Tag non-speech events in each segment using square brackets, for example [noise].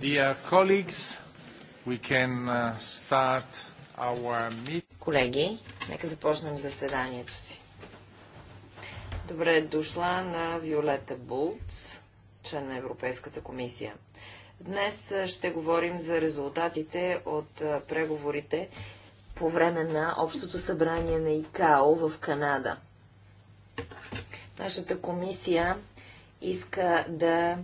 Uh, Колеги, нека започнем заседанието си. Добре е дошла на Виолета Булц, член на Европейската комисия. Днес ще говорим за резултатите от преговорите по време на Общото събрание на ИКАО в Канада. Нашата комисия иска да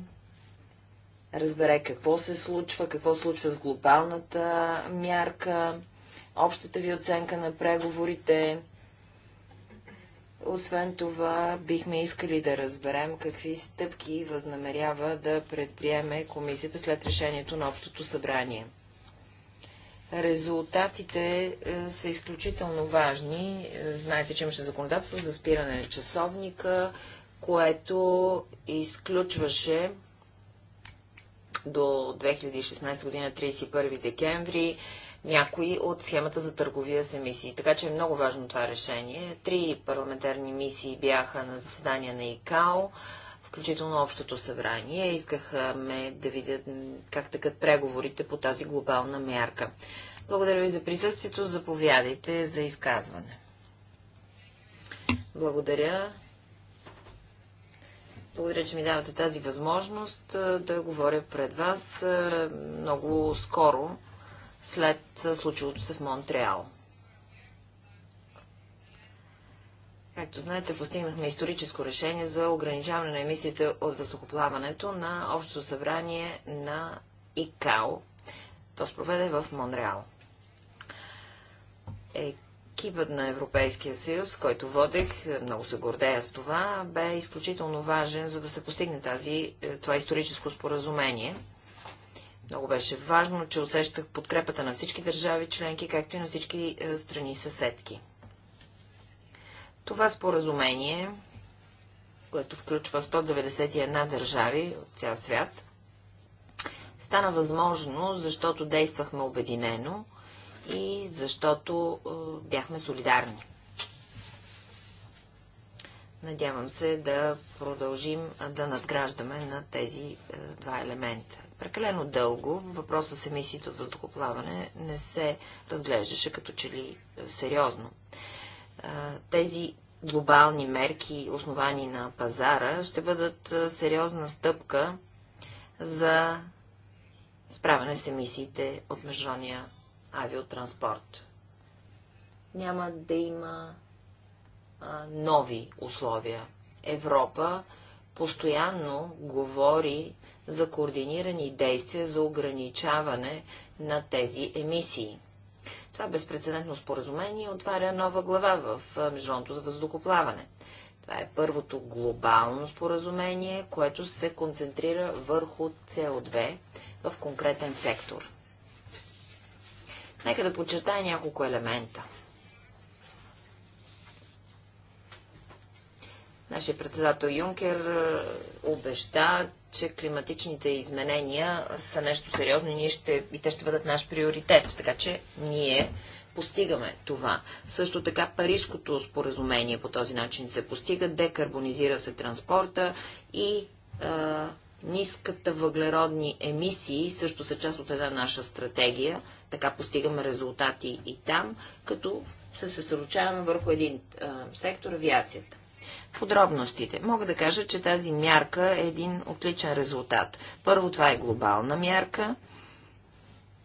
разбере какво се случва, какво случва с глобалната мярка, общата ви оценка на преговорите. Освен това, бихме искали да разберем какви стъпки възнамерява да предприеме комисията след решението на Общото събрание. Резултатите е, са изключително важни. Знаете, че имаше законодателство за спиране на часовника, което изключваше до 2016 година 31 декември някои от схемата за търговия с емисии. Така че е много важно това решение. Три парламентарни мисии бяха на заседания на ИКАО, включително Общото събрание. Искахме да видят как тъкат преговорите по тази глобална мярка. Благодаря ви за присъствието. Заповядайте за изказване. Благодаря. Благодаря, че ми давате тази възможност да говоря пред вас много скоро след случилото се в Монтреал. Както знаете, постигнахме историческо решение за ограничаване на емисиите от въздухоплаването на Общото събрание на ИКАО. То се проведе в Монреал. Е, екипът на Европейския съюз, който водех, много се гордея с това, бе изключително важен, за да се постигне тази, е, това историческо споразумение. Много беше важно, че усещах подкрепата на всички държави членки, както и на всички е, страни съседки. Това споразумение, което включва 191 държави от цял свят, стана възможно, защото действахме обединено – и защото е, бяхме солидарни. Надявам се да продължим да надграждаме на тези е, два елемента. Прекалено дълго въпроса с емисиите от въздухоплаване не се разглеждаше като че ли е, сериозно. Тези глобални мерки, основани на пазара, ще бъдат сериозна стъпка за справяне с емисиите от международния авиотранспорт. Няма да има а, нови условия. Европа постоянно говори за координирани действия за ограничаване на тези емисии. Това безпредседентно споразумение отваря нова глава в международното за въздухоплаване. Това е първото глобално споразумение, което се концентрира върху CO2 в конкретен сектор. Нека да подчертая няколко елемента. Нашия председател Юнкер обеща, е, че климатичните изменения са нещо сериозно и, ние ще, и те ще бъдат наш приоритет. Така че ние постигаме това. Също така Парижското споразумение по този начин се постига, декарбонизира се транспорта и а, е, ниската въглеродни емисии също са част от една наша стратегия така постигаме резултати и там, като се съсредоточаваме върху един а, сектор авиацията. Подробностите. Мога да кажа, че тази мярка е един отличен резултат. Първо, това е глобална мярка.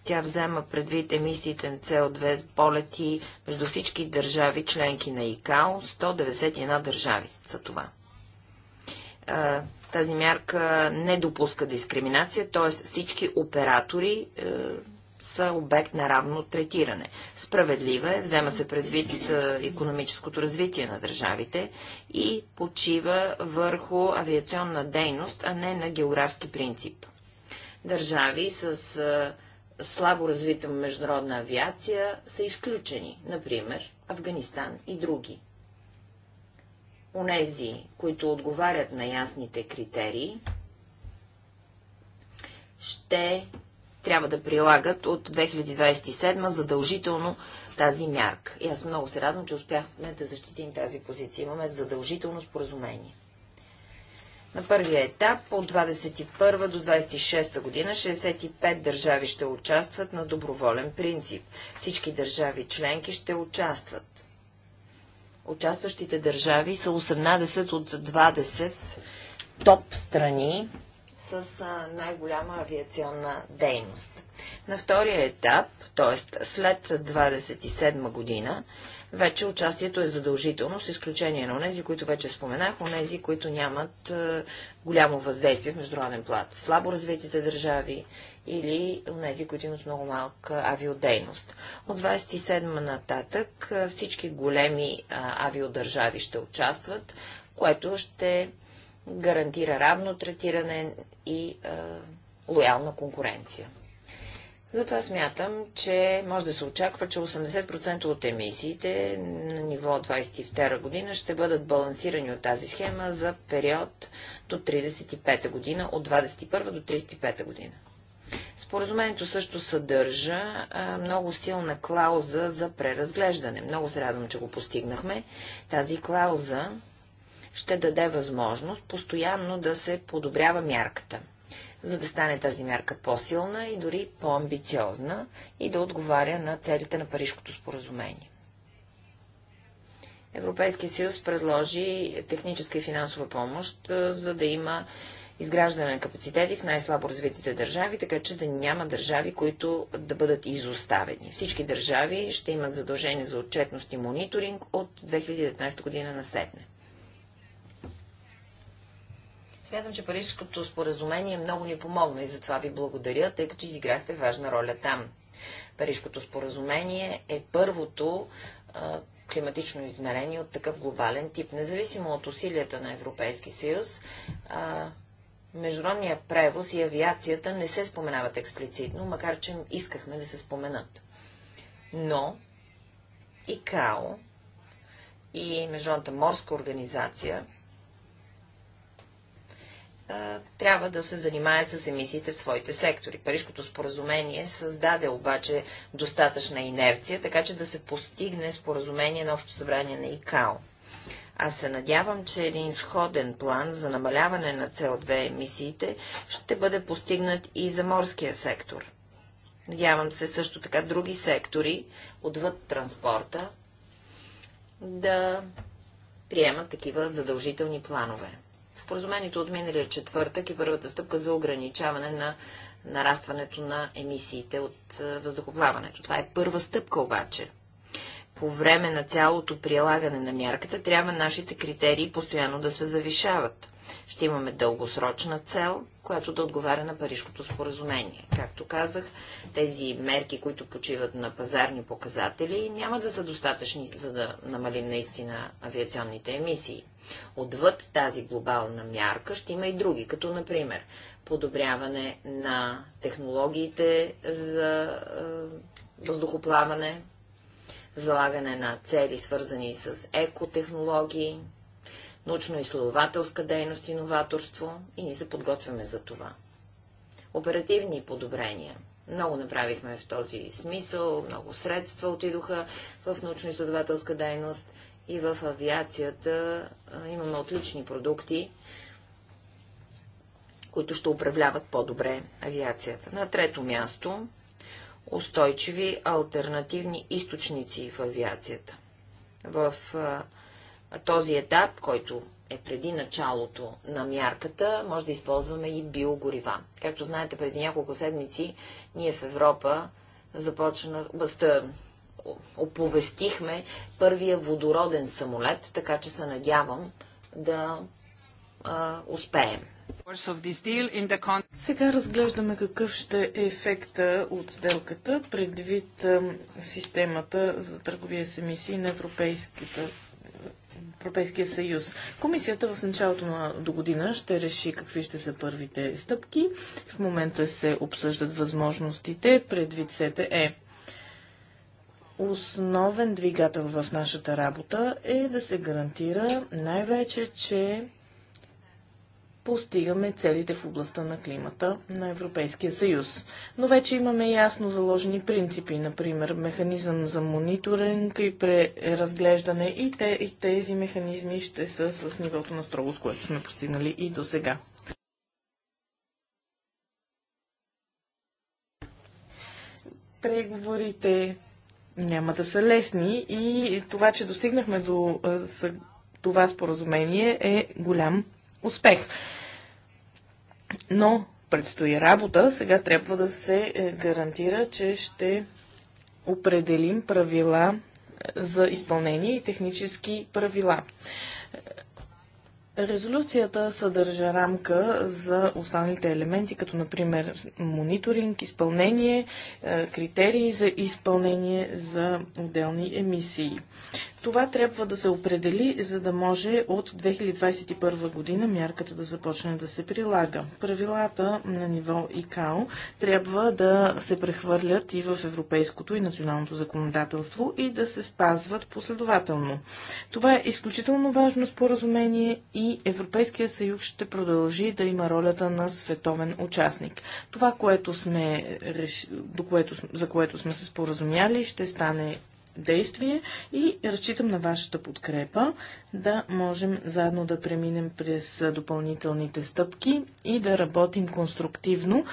Тя взема предвид емисиите на CO2 полети между всички държави, членки на ИКАО. 191 държави за това. А, тази мярка не допуска дискриминация, т.е. всички оператори е, са обект на равно третиране. Справедлива е, взема се предвид економическото развитие на държавите и почива върху авиационна дейност, а не на географски принцип. Държави с е, слабо развита международна авиация са изключени, например Афганистан и други. Онези, които отговарят на ясните критерии, ще трябва да прилагат от 2027 задължително тази мярка. И аз много се радвам, че успяхме да защитим тази позиция. Имаме задължително споразумение. На първия етап от 21 до 26 година 65 държави ще участват на доброволен принцип. Всички държави членки ще участват. Участващите държави са 18 от 20 топ страни с най-голяма авиационна дейност. На втория етап, т.е. след 27 година, вече участието е задължително, с изключение на тези, които вече споменах, тези, които нямат а, голямо въздействие в международен плат. Слабо развитите държави или тези, които имат много малка авиодейност. От 27 нататък всички големи а, авиодържави ще участват, което ще гарантира равно третиране и а, лоялна конкуренция. Затова смятам, че може да се очаква, че 80% от емисиите на ниво 22 година ще бъдат балансирани от тази схема за период до 35 година, от 21 до 35 година. Споразумението също съдържа много силна клауза за преразглеждане. Много се радвам, че го постигнахме. Тази клауза ще даде възможност постоянно да се подобрява мярката, за да стане тази мярка по-силна и дори по-амбициозна и да отговаря на целите на Парижкото споразумение. Европейския съюз предложи техническа и финансова помощ, за да има изграждане на капацитети в най-слабо развитите държави, така че да няма държави, които да бъдат изоставени. Всички държави ще имат задължение за отчетност и мониторинг от 2019 година на седне. Смятам, че Парижското споразумение много ни помогна и затова ви благодаря, тъй като изиграхте важна роля там. Парижското споразумение е първото а, климатично измерение от такъв глобален тип. Независимо от усилията на Европейски съюз, а, международния превоз и авиацията не се споменават експлицитно, макар че искахме да се споменат. Но и КАО, и Международната морска организация трябва да се занимаят с емисиите в своите сектори. Парижкото споразумение създаде обаче достатъчна инерция, така че да се постигне споразумение на Общо събрание на ИКАО. Аз се надявам, че един изходен план за намаляване на CO2 емисиите ще бъде постигнат и за морския сектор. Надявам се също така други сектори, отвъд транспорта, да приемат такива задължителни планове споразумението от миналия четвъртък и първата стъпка за ограничаване на нарастването на емисиите от е, въздухоплаването. Това е първа стъпка обаче. По време на цялото прилагане на мярката трябва нашите критерии постоянно да се завишават. Ще имаме дългосрочна цел, която да отговаря на Парижкото споразумение. Както казах, тези мерки, които почиват на пазарни показатели, няма да са достатъчни, за да намалим наистина авиационните емисии. Отвъд тази глобална мярка ще има и други, като например подобряване на технологиите за е, въздухоплаване, залагане на цели, свързани с екотехнологии, научно-изследователска дейност и новаторство и ние се подготвяме за това. Оперативни подобрения. Много направихме в този смисъл, много средства отидоха в научно-изследователска дейност и в авиацията. Имаме отлични продукти, които ще управляват по-добре авиацията. На трето място устойчиви альтернативни източници в авиацията. В а, този етап, който е преди началото на мярката, може да използваме и биогорива. Както знаете, преди няколко седмици ние в Европа започна, бъста, оповестихме първия водороден самолет, така че се надявам да а, успеем. Сега разглеждаме какъв ще е ефекта от сделката предвид системата за търговия с емисии на Европейската Европейския съюз. Комисията в началото на до година ще реши какви ще са първите стъпки. В момента се обсъждат възможностите предвид СТЕ. Основен двигател в нашата работа е да се гарантира най-вече, че постигаме целите в областта на климата на Европейския съюз. Но вече имаме ясно заложени принципи, например механизъм за мониторинг и преразглеждане и, те, и тези механизми ще са с нивото на строгост, което сме постигнали и до сега. Преговорите няма да са лесни и това, че достигнахме до това споразумение е голям успех. Но предстои работа. Сега трябва да се е, гарантира, че ще определим правила е, за изпълнение и технически правила. Е, резолюцията съдържа рамка за останалите елементи, като например мониторинг, изпълнение, критерии за изпълнение за отделни емисии. Това трябва да се определи, за да може от 2021 година мярката да започне да се прилага. Правилата на ниво ИКАО трябва да се прехвърлят и в европейското и националното законодателство и да се спазват последователно. Това е изключително важно споразумение и Европейския съюз ще продължи да има ролята на световен участник. Това, което сме, до което, за което сме се споразумяли, ще стане действие и разчитам на вашата подкрепа да можем заедно да преминем през допълнителните стъпки и да работим конструктивно,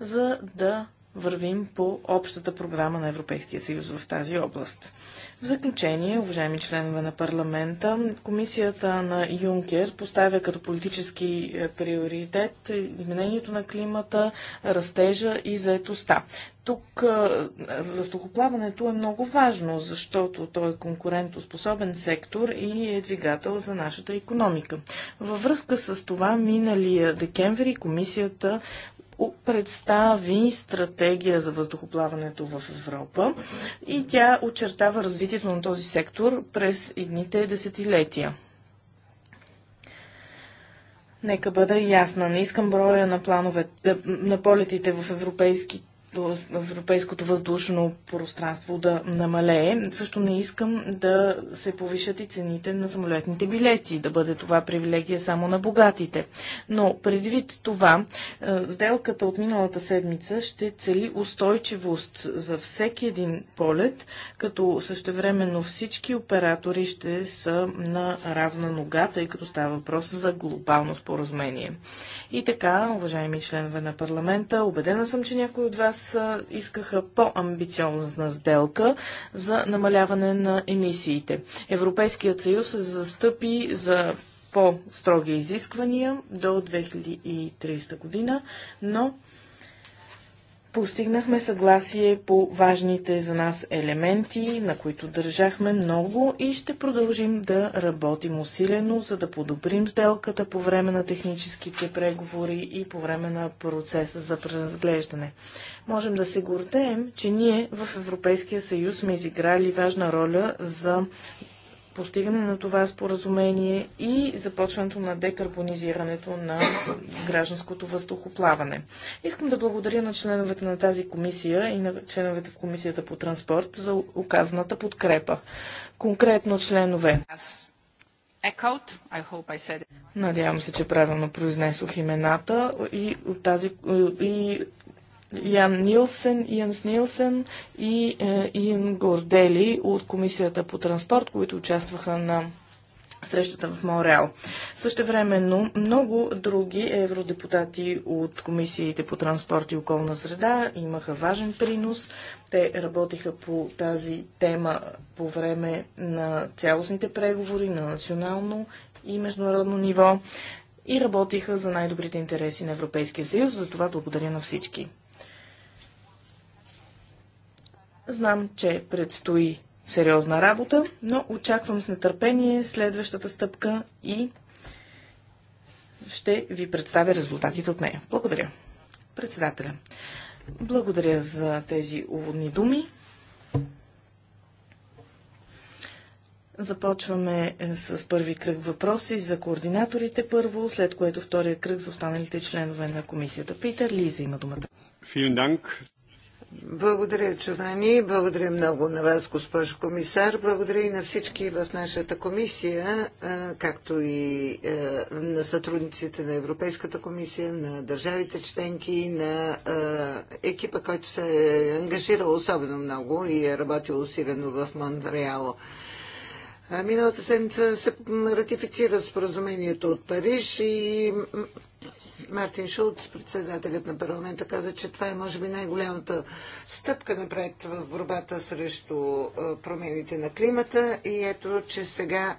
за да вървим по общата програма на Европейския съюз в тази област. В заключение, уважаеми членове на парламента, комисията на Юнкер поставя като политически е, приоритет изменението на климата, растежа и заетостта. Тук въздухоплаването е, е много важно, защото той е конкурентоспособен сектор и е двигател за нашата економика. Във връзка с това, миналия декември комисията представи стратегия за въздухоплаването в Европа и тя очертава развитието на този сектор през едните десетилетия. Нека бъда ясна. Не искам броя на планове, е, на полетите в европейските европейското въздушно пространство да намалее. Също не искам да се повишат и цените на самолетните билети, да бъде това привилегия само на богатите. Но предвид това, е, сделката от миналата седмица ще цели устойчивост за всеки един полет, като същевременно всички оператори ще са на равна нога, тъй като става въпрос за глобално споразумение. И така, уважаеми членове на парламента, убедена съм, че някой от вас искаха по-амбициозна сделка за намаляване на емисиите. Европейският съюз се застъпи за по-строги изисквания до 2030 година, но Постигнахме съгласие по важните за нас елементи, на които държахме много и ще продължим да работим усилено, за да подобрим сделката по време на техническите преговори и по време на процеса за преразглеждане. Можем да се гордеем, че ние в Европейския съюз сме изиграли важна роля за постигане на това споразумение и започването на декарбонизирането на гражданското въздухоплаване. Искам да благодаря на членовете на тази комисия и на членовете в комисията по транспорт за оказаната подкрепа. Конкретно членове. Надявам се, че правилно произнесох имената и, от тази, и Ян Нилсен, Янс Нилсен и е, Иен Гордели от Комисията по транспорт, които участваха на срещата в Монреал. Същевременно много други евродепутати от комисиите по транспорт и околна среда имаха важен принос. Те работиха по тази тема по време на цялостните преговори на национално и международно ниво и работиха за най-добрите интереси на Европейския съюз. За това благодаря на всички. Знам, че предстои сериозна работа, но очаквам с нетърпение следващата стъпка и ще ви представя резултатите от нея. Благодаря. Председателя. Благодаря за тези уводни думи. Започваме е, с първи кръг въпроси за координаторите първо, след което втория кръг за останалите членове на комисията. Питер Лиза има думата. Благодаря, Човани. Благодаря много на вас, госпожо комисар. Благодаря и на всички в нашата комисия, както и на сътрудниците на Европейската комисия, на държавите членки, на екипа, който се е ангажирал особено много и е работил усилено в Монреал. Миналата седмица се ратифицира споразумението от Париж и Мартин Шулц, председателят на парламента, каза, че това е може би най-голямата стъпка напред в борбата срещу промените на климата и ето, че сега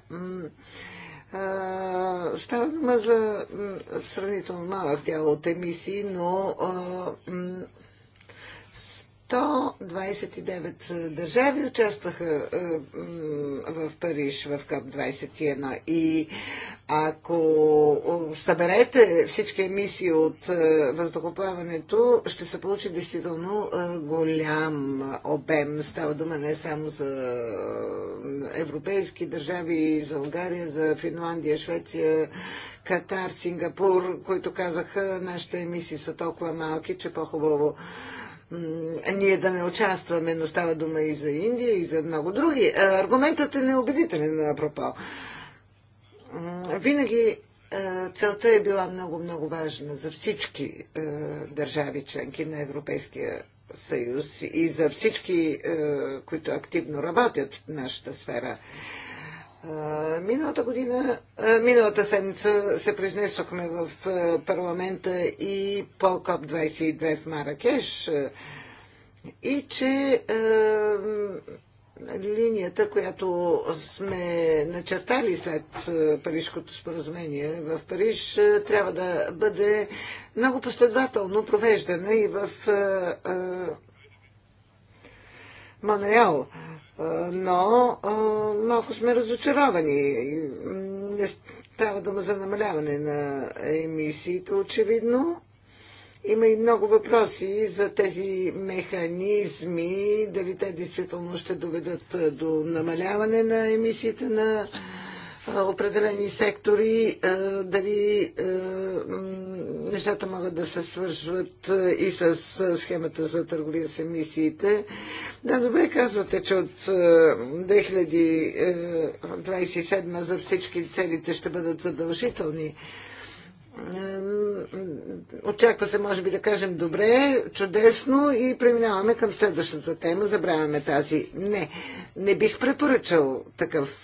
става дума за сравнително малък дял от емисии, но 129 е, държави участваха е, в Париж в КАП-21 и ако е, съберете всички емисии от въздухоплаването, ще се получи действително голям обем. Става дума не само за европейски държави, за Унгария, за Финландия, Швеция, Катар, Сингапур, които казаха, нашите емисии са толкова малки, че по-хубаво ние да не участваме, но става дума и за Индия, и за много други. Е, аргументът е неубедителен, апропо. Винаги е, целта е била много-много важна за всички е, държави, членки на Европейския съюз и за всички, които активно работят в нашата сфера. Миналата година, миналата седмица се произнесохме в парламента и по КОП-22 в Маракеш и че линията, която сме начертали след Парижското споразумение в Париж, трябва да бъде много последователно провеждана и в е, Монреал. Е, но малко сме разочаровани. Не става дума за намаляване на емисиите, очевидно. Има и много въпроси за тези механизми, дали те действително ще доведат до намаляване на емисиите на определени сектори, дали нещата могат да се свършват и с схемата за търговия с емисиите. Да, добре казвате, че от 2027 е, е, за всички целите ще бъдат задължителни. Очаква се, може би, да кажем добре, чудесно и преминаваме към следващата тема, забравяме тази. Не, не бих препоръчал такъв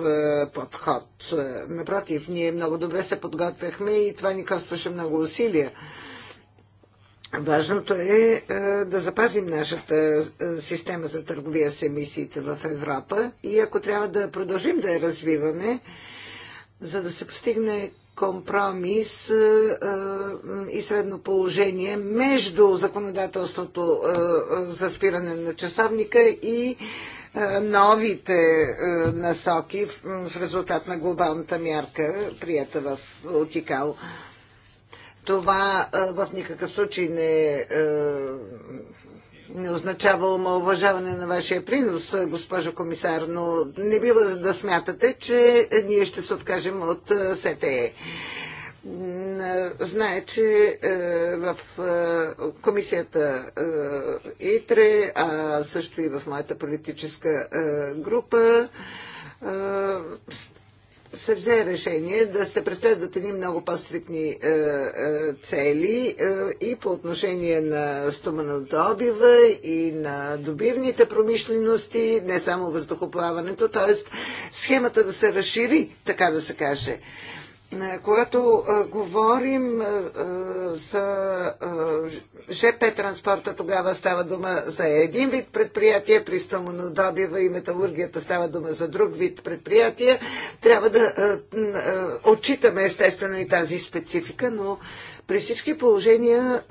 е, подход. Напротив, ние много добре се подготвяхме и това ни костваше много усилия. Важното е, е да запазим нашата е, система за търговия с емисиите в Европа и ако трябва да продължим да я развиваме, за да се постигне компромис е, и средно положение между законодателството за спиране на часовника и новите насоки в резултат на глобалната мярка, прията в Отикал. Това в никакъв случай не, не означава омалуважаване на вашия принос, госпожо комисар, но не бива да смятате, че ние ще се откажем от СТЕ знае, че в комисията ИТРЕ, а също и в моята политическа група, се взе решение да се преследват едни много по-стрикни е, е, цели е, и по отношение на стоманодобива и на добивните промишлености, не само въздухоплаването, т.е. схемата да се разшири, така да се каже. Е, когато е, говорим е, за ЖП транспорта, тогава става дума за един вид предприятие, при стомонодобива и металургията става дума за друг вид предприятие. Трябва да отчитаме естествено и тази специфика, но при всички положения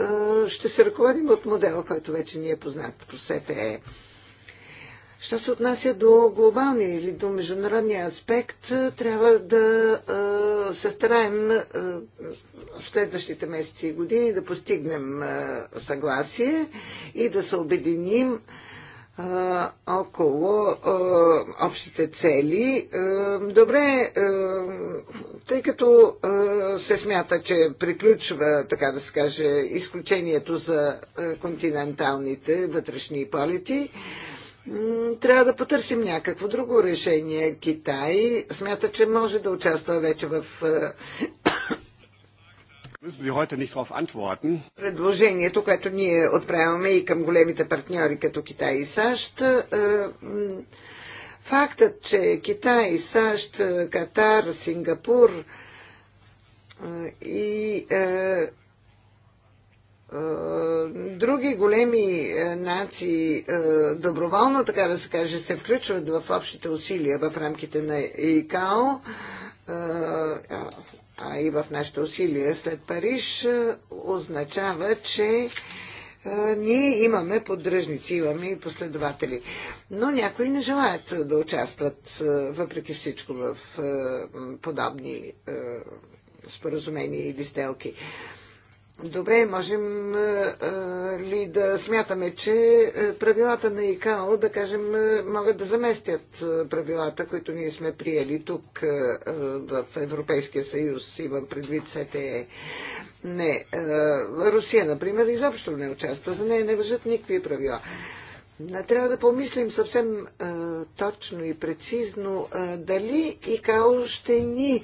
ще се ръководим от модела, който вече ни е познат по СФЕ. Що се отнася до глобалния или до международния аспект, е, трябва да е, се стараем е, в следващите месеци и години да постигнем е, съгласие и да се обединим около общите цели. добре, тъй като се смята, че приключва, така да се каже, изключението за континенталните вътрешни полети, трябва да потърсим някакво друго решение. Китай смята, че може да участва вече в е, Предложението, което ние отправяме и към големите партньори като Китай и САЩ, е, фактът, че Китай, САЩ, Катар, Сингапур е, и е, други големи е, нации е, доброволно, така да се каже, се включват в общите усилия в рамките на ИКАО, а и в нашите усилия след Париж, означава, че ние имаме поддръжници, имаме и последователи. Но някои не желаят да участват, въпреки всичко, в подобни споразумения или сделки. Добре, можем е, е, ли да смятаме, че е, правилата на ИКАО, да кажем, могат да заместят правилата, които ние сме приели тук в Европейския съюз, имам предвид СТЕ? Не. Русия, например, изобщо не участва. За нея не въжат никакви правила. Трябва да помислим съвсем точно и прецизно дали дали ИКАО ще ни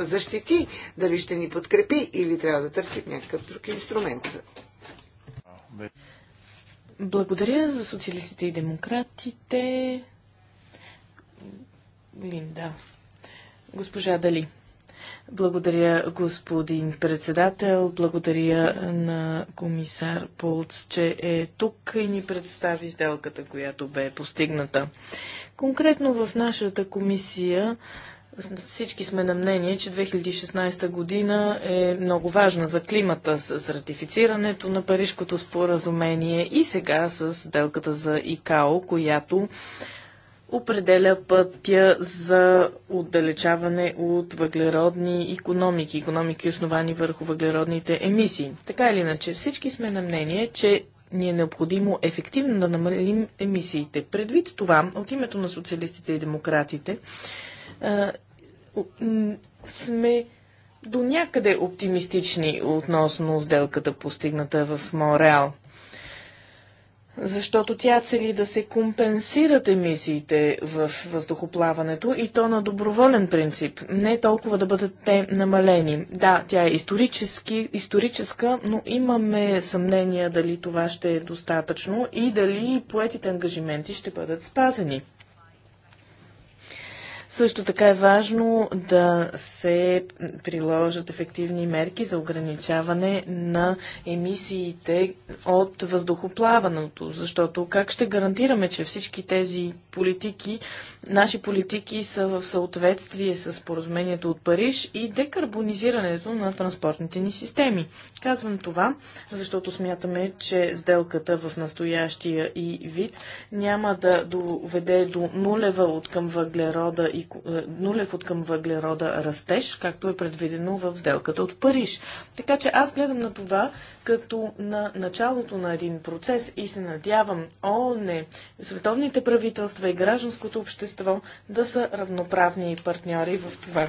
защити, дали ще ни подкрепи или трябва да търсим някакъв друг инструмент. Благодаря за социалистите и демократите. Линда. Госпожа Дали. Благодаря, господин председател. Благодаря на комисар Полц, че е тук и ни представи сделката, която бе постигната. Конкретно в нашата комисия всички сме на мнение, че 2016 година е много важна за климата с ратифицирането на Парижкото споразумение и сега с делката за ИКАО, която определя пътя за отдалечаване от въглеродни економики, економики основани върху въглеродните емисии. Така или иначе, всички сме на мнение, че ни е необходимо ефективно да намалим емисиите. Предвид това, от името на социалистите и демократите, сме до някъде оптимистични относно сделката постигната в Монреал защото тя цели да се компенсират емисиите в въздухоплаването и то на доброволен принцип. Не толкова да бъдат те намалени. Да, тя е исторически, историческа, но имаме съмнения дали това ще е достатъчно и дали поетите ангажименти ще бъдат спазени. Също така е важно да се приложат ефективни мерки за ограничаване на емисиите от въздухоплаването, защото как ще гарантираме, че всички тези политики, наши политики са в съответствие с поразумението от Париж и декарбонизирането на транспортните ни системи. Казвам това, защото смятаме, че сделката в настоящия и вид няма да доведе до нулева от към въглерода и е, нулев от към въглерода растеж, както е предвидено в сделката от Париж. Така че аз гледам на това като на началото на един процес и се надявам не световните правителства и гражданското общество да са равноправни партньори в това.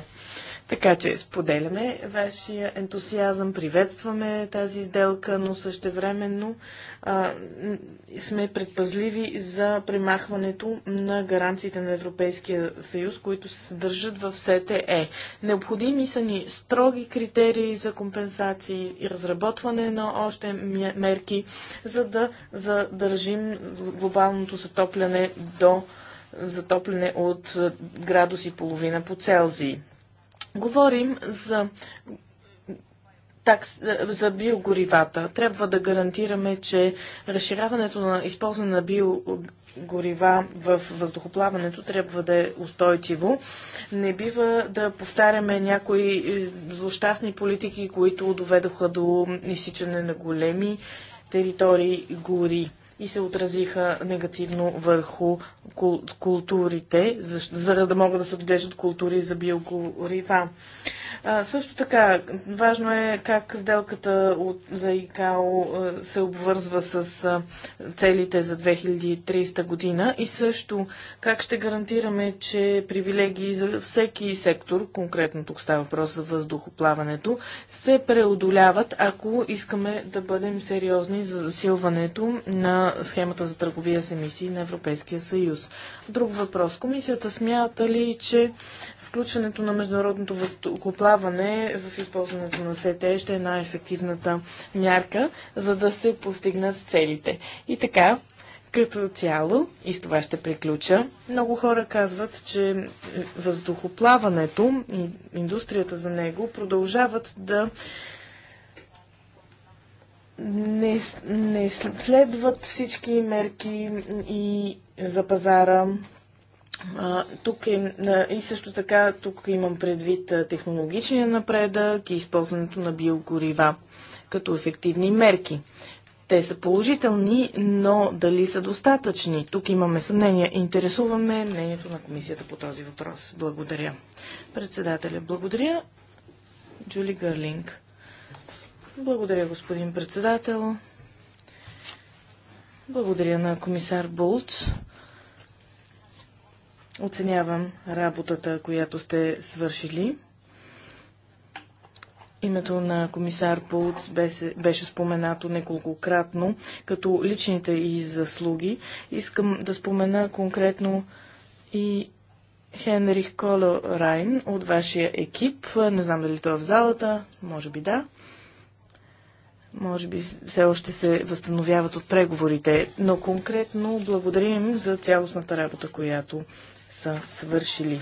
Така че споделяме вашия ентусиазъм, приветстваме тази сделка, но същевременно а, сме предпазливи за премахването на гаранциите на Европейския съюз, които се съдържат в СТЕ. Необходими са ни строги критерии за компенсации и разработване на още мерки, за да задържим глобалното затопляне до затопляне от градус и половина по Целзий. Говорим за за биогоривата. Трябва да гарантираме, че разширяването на използване на биогорива в въздухоплаването трябва да е устойчиво. Не бива да повтаряме някои е, злощастни политики, които доведоха до изсичане на големи територии гори и се отразиха негативно върху културите, за, за да могат да се отглеждат култури за биогорива. А, също така, важно е как сделката от, за ИКАО се обвързва с целите за 2030 година и също как ще гарантираме, че привилегии за всеки сектор, конкретно тук става въпрос за въздухоплаването, се преодоляват, ако искаме да бъдем сериозни за засилването на схемата за търговия с емисии на Европейския съюз. Друг въпрос. Комисията смята ли, че включването на международното въздухоплаване в използването на СЕТЕ ще е най-ефективната мярка, за да се постигнат целите. И така, като цяло, и с това ще приключа, много хора казват, че въздухоплаването и индустрията за него продължават да не, не следват всички мерки и за пазара тук е, и също така, тук имам предвид технологичния напредък и използването на биогорива като ефективни мерки. Те са положителни, но дали са достатъчни? Тук имаме съмнение. Интересуваме мнението на комисията по този въпрос. Благодаря. Председателя, благодаря. Джули Гърлинг. Благодаря, господин председател. Благодаря на комисар Болт. Оценявам работата, която сте свършили. Името на комисар Пулц беше, споменато неколкократно, като личните и заслуги. Искам да спомена конкретно и Хенрих Коло Райн от вашия екип. Не знам дали той е в залата, може би да. Може би все още се възстановяват от преговорите, но конкретно благодарим за цялостната работа, която са свършили.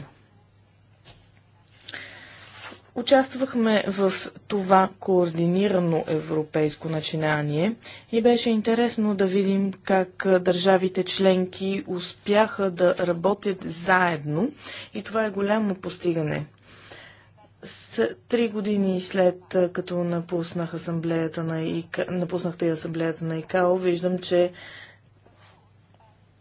Участвахме в това координирано европейско начинание и беше интересно да видим как държавите членки успяха да работят заедно и това е голямо постигане. С три години след като напуснах асамблеята на напуснахте асамблеята на ИКАО, виждам, че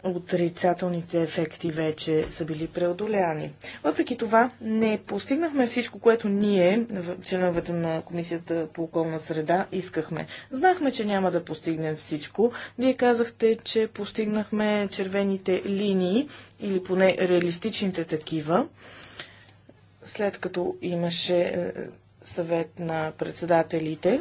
отрицателните ефекти вече са били преодоляни. Въпреки това, не постигнахме всичко, което ние, членовете на Комисията по околна среда, искахме. Знахме, че няма да постигнем всичко. Вие казахте, че постигнахме червените линии или поне реалистичните такива, след като имаше е, съвет на председателите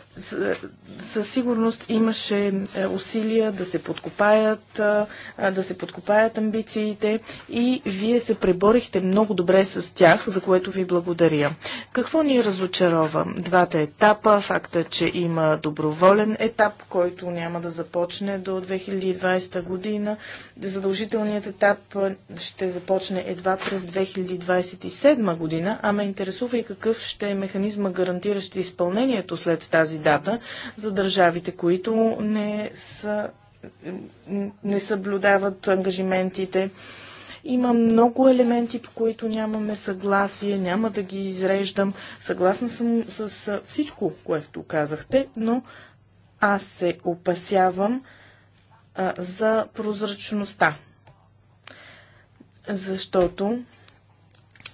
със сигурност имаше е, усилия да се подкопаят, да се подкопаят амбициите и вие се преборихте много добре с тях, за което ви благодаря. Какво ни разочарова? Двата етапа, факта, че има доброволен етап, който няма да започне до 2020 година. Задължителният етап ще започне едва през 2027 година, а ме интересува и какъв ще е механизма гарантиращ изпълнението след тази дата свободата за държавите, които не, са, не съблюдават ангажиментите. Има много елементи, по които нямаме съгласие, няма да ги изреждам. Съгласна съм с всичко, което казахте, но аз се опасявам а, за прозрачността. Защото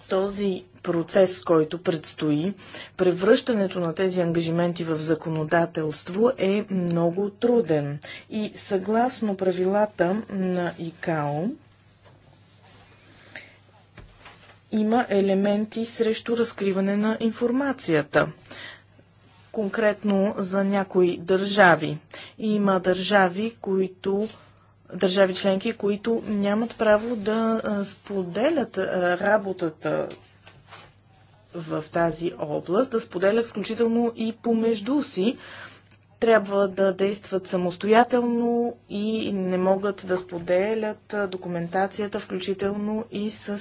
този процес, който предстои. Превръщането на тези ангажименти в законодателство е много труден. И съгласно правилата на ИКАО, има елементи срещу разкриване на информацията конкретно за някои държави. Има държави, които държави членки, които нямат право да споделят работата в тази област, да споделят включително и помежду си. Трябва да действат самостоятелно и не могат да споделят документацията, включително и с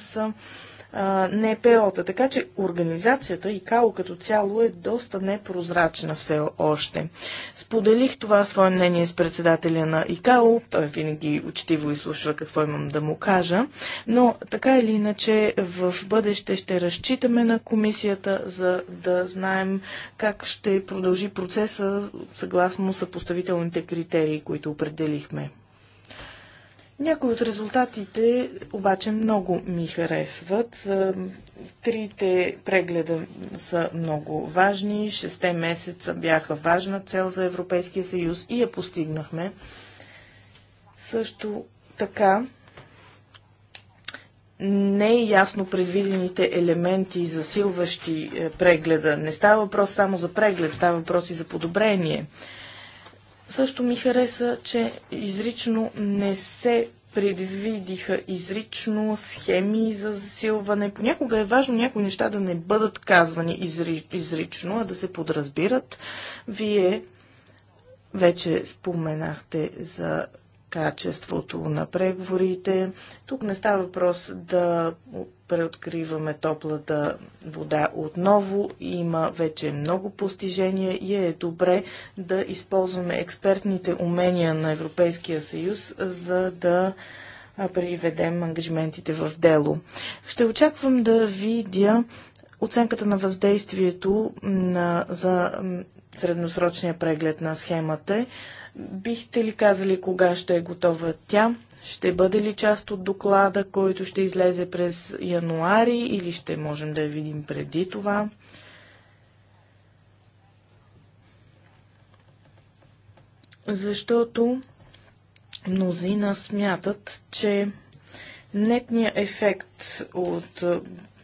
НПО-та. Така че организацията и КАО като цяло е доста непрозрачна все още. Споделих това свое мнение с председателя на ИКАО. Той винаги учтиво изслушва какво имам да му кажа. Но така или иначе в бъдеще ще разчитаме на комисията, за да знаем как ще продължи процеса съгласно съпоставителните критерии, които определихме. Някои от резултатите обаче много ми харесват. Е, трите прегледа са много важни. Шесте месеца бяха важна цел за Европейския съюз и я постигнахме. Също така не е ясно предвидените елементи, засилващи е, прегледа. Не става въпрос само за преглед, става въпрос и за подобрение. Също ми хареса, че изрично не се предвидиха изрично схеми за засилване. Понякога е важно някои неща да не бъдат казвани изрично, а да се подразбират. Вие вече споменахте за качеството на преговорите. Тук не става въпрос да преоткриваме топлата вода отново. Има вече много постижения и е добре да използваме експертните умения на Европейския съюз, за да приведем ангажиментите в дело. Ще очаквам да видя оценката на въздействието на, за средносрочния преглед на схемата. Бихте ли казали кога ще е готова тя? Ще бъде ли част от доклада, който ще излезе през януари или ще можем да я видим преди това? Защото мнозина смятат, че нетният ефект от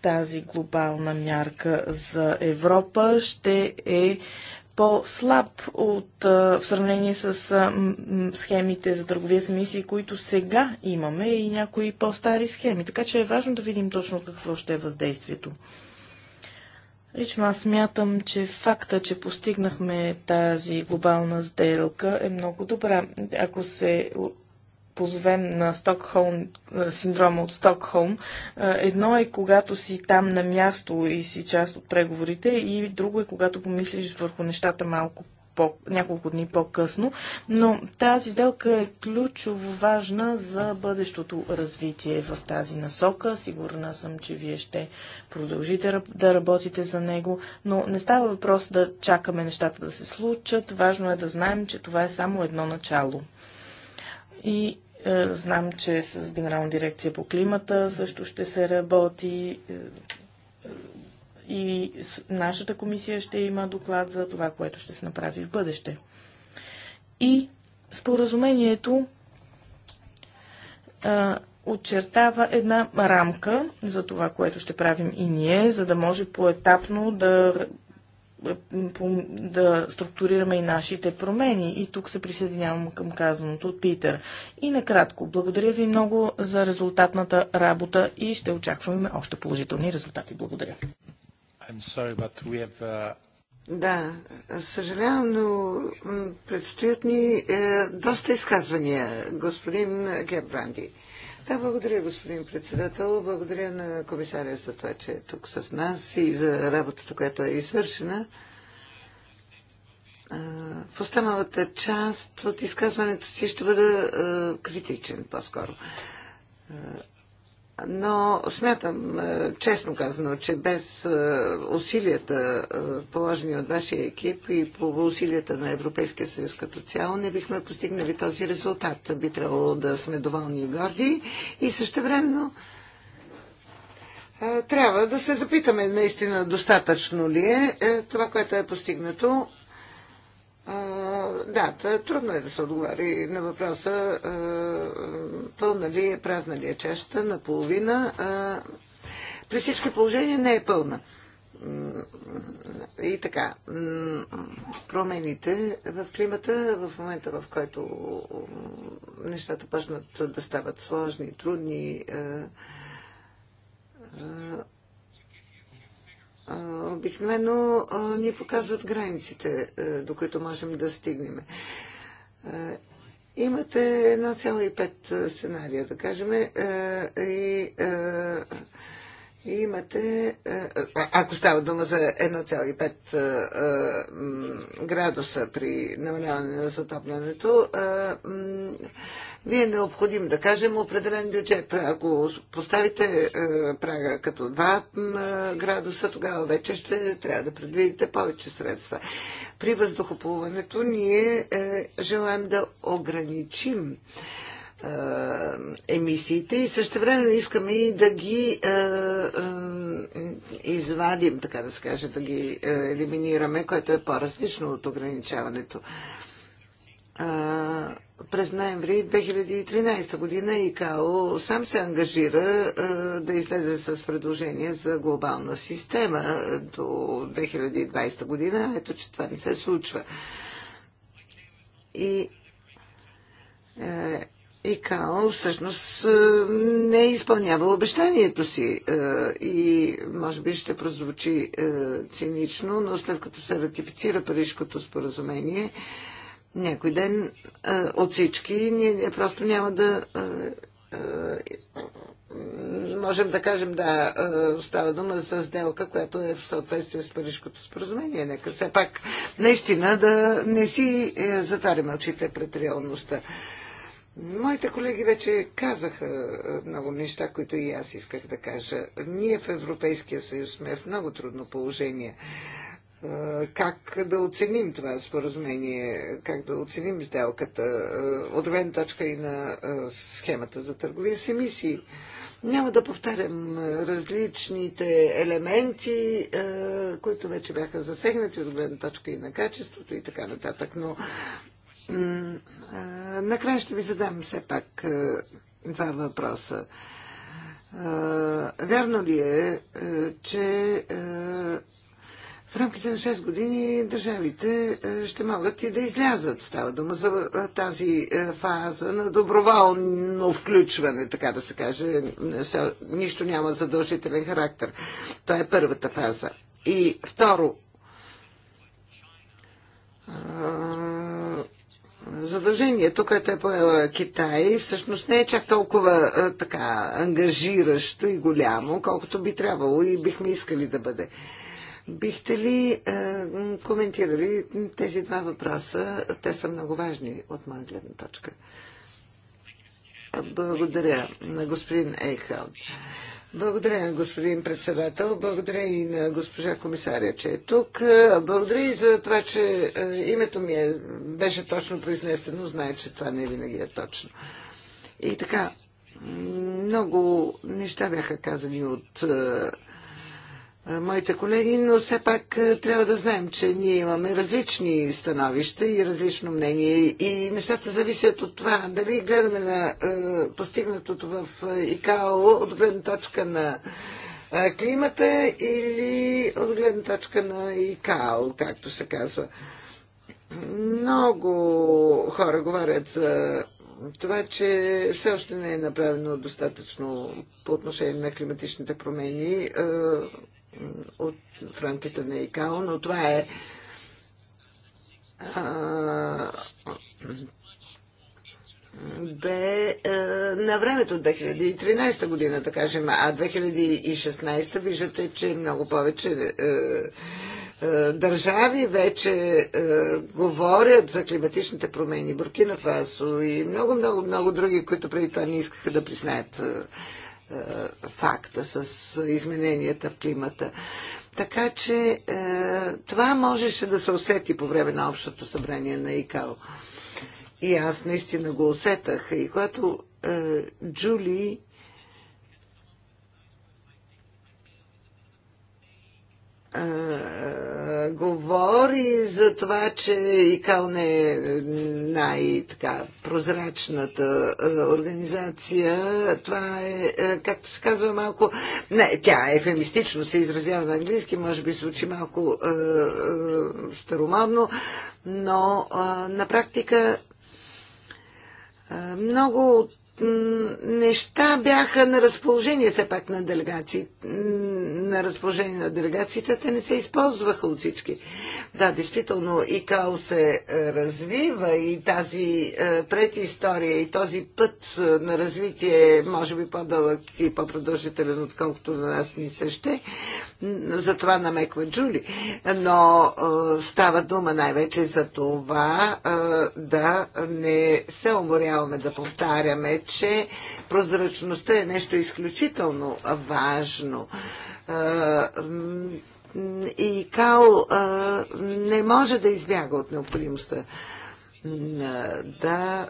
тази глобална мярка за Европа ще е по-слаб от, в сравнение с схемите за търговия с емисии, които сега имаме и някои по-стари схеми. Така че е важно да видим точно какво ще е въздействието. Лично аз смятам, че факта, че постигнахме тази глобална сделка е много добра. Ако се позовем на Стокхолм, е, синдрома от Стокхолм. Е, едно е когато си там на място и си част от преговорите и друго е когато помислиш върху нещата малко по, няколко дни по-късно, но тази сделка е ключово важна за бъдещото развитие в тази насока. Сигурна съм, че вие ще продължите да работите за него, но не става въпрос да чакаме нещата да се случат. Важно е да знаем, че това е само едно начало. И е, знам, че с Генерална дирекция по климата също ще се работи е, и нашата комисия ще има доклад за това, което ще се направи в бъдеще. И споразумението а, е, очертава една рамка за това, което ще правим и ние, за да може поетапно да да структурираме и нашите промени. И тук се присъединявам към казаното от Питер. И накратко, благодаря ви много за резултатната работа и ще очакваме още положителни резултати. Благодаря. Sorry, have, uh... Да, съжалявам, но предстоят ни е, доста изказвания, господин Гебранди. Да, благодаря, господин председател. Благодаря на комисаря за това, че е тук с нас и за работата, която е извършена. В останалата част от изказването си ще бъда критичен по-скоро. Но смятам, е, честно казано, че без е, усилията, е, положени от вашия екип и по усилията на Европейския съюз като цяло, не бихме постигнали този резултат. Би трябвало да сме доволни и горди и същевременно трябва да се запитаме наистина достатъчно ли е това, което е постигнато да, трудно е да се отговори на въпроса пълна ли е, празна ли е чашата, наполовина. При всички положения не е пълна. И така, промените в климата, в момента в който нещата почнат да стават сложни, трудни, обикновено ни показват границите, до които можем да стигнем. Имате 1,5 сценария, да кажем, и имате, е, е, ако става дума за 1,5 е, градуса при намаляване на затоплянето, ви е необходим, да кажем, определен бюджет. Ако поставите прага като 2 градуса, тогава вече ще трябва да предвидите повече средства. При въздухоплуването ние желаем да ограничим е, емисиите и също време искаме и да ги е, е, извадим, така да се каже, да ги е, елиминираме, което е по-различно от ограничаването. Е, през ноември 2013 година ИКАО сам се ангажира е, да излезе с предложение за глобална система до 2020 година. Ето, че това не се случва. И Као всъщност е, не е изпълнявал обещанието си е, и може би ще прозвучи е, цинично, но след като се ратифицира Парижкото споразумение, някой ден от всички ние просто няма да можем да кажем, да, става дума за сделка, която е в съответствие с Парижкото споразумение. Нека все пак наистина да не си затваряме очите пред реалността. Моите колеги вече казаха е, много неща, които и аз исках да кажа. Ние в Европейския съюз сме в много трудно положение. Е, как да оценим това споразумение, как да оценим сделката, е, от гледна точка и на схемата за търговия с емисии. Няма да повтарям различните елементи, които вече бяха засегнати от гледна точка и на качеството и така нататък, но Накрая ще ви задам все пак е, два въпроса. Е, вярно ли е, е че в рамките на 6 години държавите ще могат и да излязат. Става дума за тази фаза на доброволно включване, така да се каже. Нищо няма задължителен характер. Това е първата фаза. И второ, задължението, което е поела Китай, всъщност не е чак толкова е, така ангажиращо и голямо, колкото би трябвало и бихме искали да бъде. Бихте ли а, е, коментирали тези два въпроса? Те са много важни от моя гледна точка. Благодаря на господин Ейхелд. Благодаря, господин председател. Благодаря и на госпожа комисаря, че е тук. Благодаря и за това, че е, името ми е, беше точно произнесено. Знае, че това не винаги е точно. И така, много неща бяха казани от е, моите колеги, но все пак трябва да знаем, че ние имаме различни становища и различно мнение и нещата зависят от това дали гледаме на постигнатото в ИКАО от гледна точка на климата или от гледна точка на ИКАО, както се казва. Много хора говорят за това, че все още не е направено достатъчно по отношение на климатичните промени от, в рамките на ИКАО, но това е а, бе а, на времето 2013 година, да кажем, а 2016 виждате, че много повече а, а, държави вече а, говорят за климатичните промени. Буркина Фасо и много, много, много други, които преди това не искаха да признаят. а, е, факта с измененията в климата. Така че е, това можеше да се усети по време на общото събрание на ИКАО. И аз наистина го усетах. И когато е, Джули говори за това, че ИКАО не е най прозрачната организация. Това е, както се казва, малко... Не, тя ефемистично се изразява на английски, може би звучи малко е, е, старомодно, но е, на практика много от неща бяха на разположение все пак на делегации, на разположение на делегациите, те не се използваха от всички. Да, действително као се е, развива и тази е, предистория и този път е, на развитие е може би по-дълъг и по-продължителен, отколкото на нас ни се ще. За това намеква Джули. Но става дума най-вече за това да не се уморяваме да повтаряме, че прозрачността е нещо изключително важно. И Као не може да избяга от необходимостта да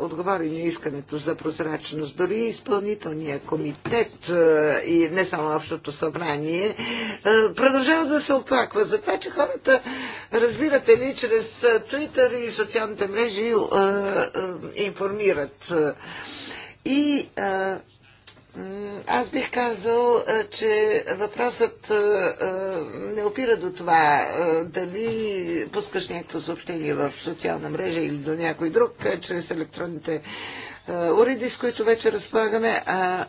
отговори на искането за прозрачност. Дори изпълнителният комитет и не само общото събрание продължава да се оплаква за това, че хората, разбирате ли, чрез Twitter и социалните мрежи информират. И а, аз бих казал, че въпросът не опира до това дали пускаш някакво съобщение в социална мрежа или до някой друг, чрез електронните уреди, с които вече разполагаме, а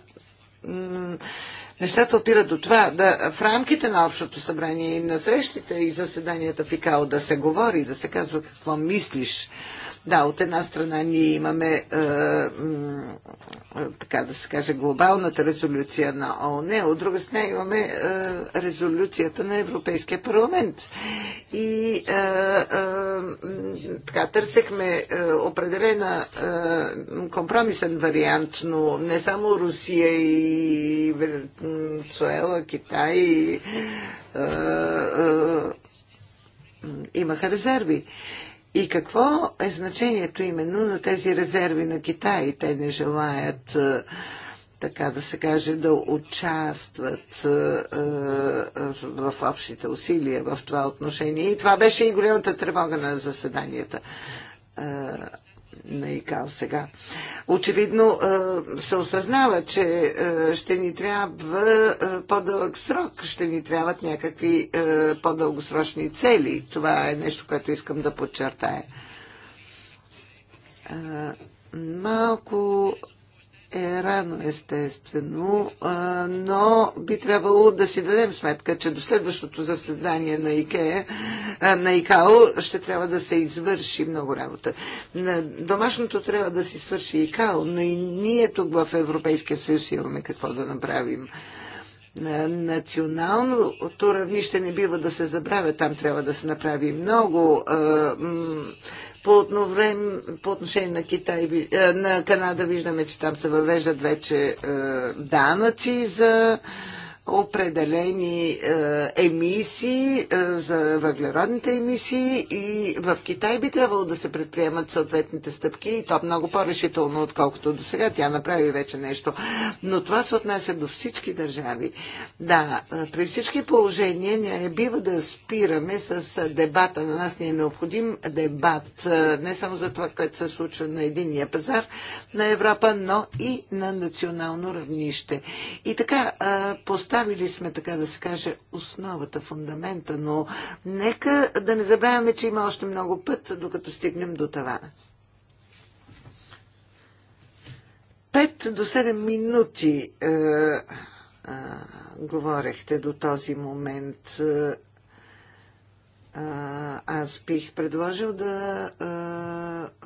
нещата опират до това да в рамките на общото събрание и на срещите и заседанията в ИКАО да се говори, да се казва какво мислиш да, от една страна ние имаме, е, е, така да се каже, глобалната резолюция на ООН, от друга страна имаме е, резолюцията на Европейския парламент. И е, е, така, търсехме е, определена е, компромисен вариант, но не само Русия и Венецуела, Китай. Е, е, имаха резерви. И какво е значението именно на тези резерви на Китай? Те не желаят, е, така да се каже, да участват е, е, в общите усилия в това отношение. И това беше и голямата тревога на заседанията на ИКАО сега. Очевидно се осъзнава, че ще ни трябва по-дълъг срок, ще ни трябват някакви по-дългосрочни цели. Това е нещо, което искам да подчертая. Малко е рано, естествено, но би трябвало да си дадем сметка, че до следващото заседание на, ИКЕ, на ИКАО ще трябва да се извърши много работа. На домашното трябва да си свърши ИКАО, но и ние тук в Европейския съюз имаме какво да направим. На националното равнище не бива да се забравя, там трябва да се направи много. По, отноврем, по отношение на, Китай, е, на Канада виждаме, че там се въвеждат вече е, данъци за определени е, емисии е, за въглеродните емисии и в Китай би трябвало да се предприемат съответните стъпки и то много по-решително, отколкото до сега. Тя направи вече нещо. Но това се отнася до всички държави. Да, е, при всички положения не бива да спираме с дебата. На нас ни е необходим дебат не само за това, което се случва на единния пазар на Европа, но и на национално равнище. И така, поставя поставили сме, така да се каже, основата, фундамента, но нека да не забравяме, че има още много път, докато стигнем до тавана. 5 до 7 минути е, е, говорехте до този момент. Е, е аз бих предложил да е,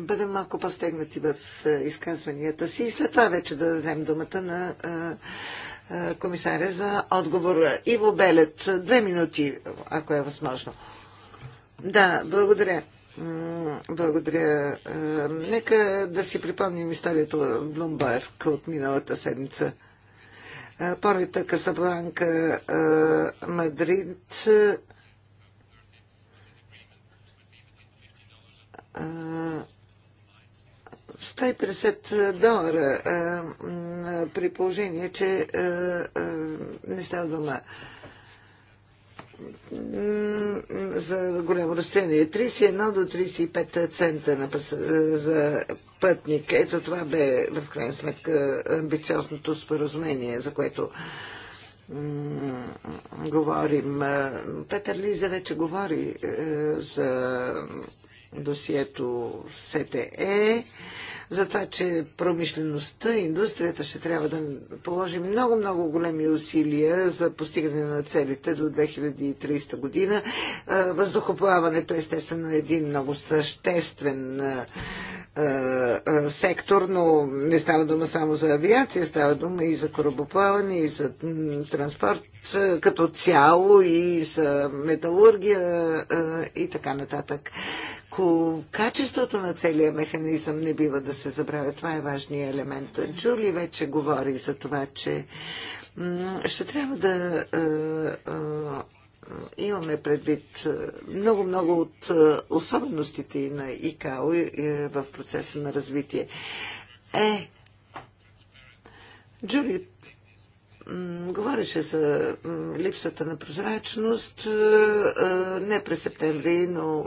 бъдем малко по-стегнати в е, изказванията си и след това вече да дадем думата на е, е, комисаря за отговор. Иво Белет, две минути, ако е възможно. Да, благодаря. Благодаря. Е, нека да си припомним историята в Блумбърг от миналата седмица. Е, Порита Касабланка, Мадрид, а, 150 долара при положение, че не става дума за голямо разстояние. 31 до 35 цента на пъс, за пътник. Ето това бе в крайна сметка амбициозното споразумение, за което говорим. Петър Лиза вече говори за досието СТЕ за това, че промишлеността, индустрията ще трябва да положи много-много големи усилия за постигане на целите до 2030 година. Въздухоплаването естествено е един много съществен е, е, сектор, но не става дума само за авиация, става дума и за корабоплаване, и за транспорт е, като цяло, и за металургия и така нататък. Качеството на целия механизъм не бива да се забравя. Това е важният елемент. Джули вече говори за това, че ще трябва да имаме предвид е, много-много от е, особеностите на ИКАО е, в процеса на развитие. Е, Джулит говореше за липсата на прозрачност е, е, не през септември, но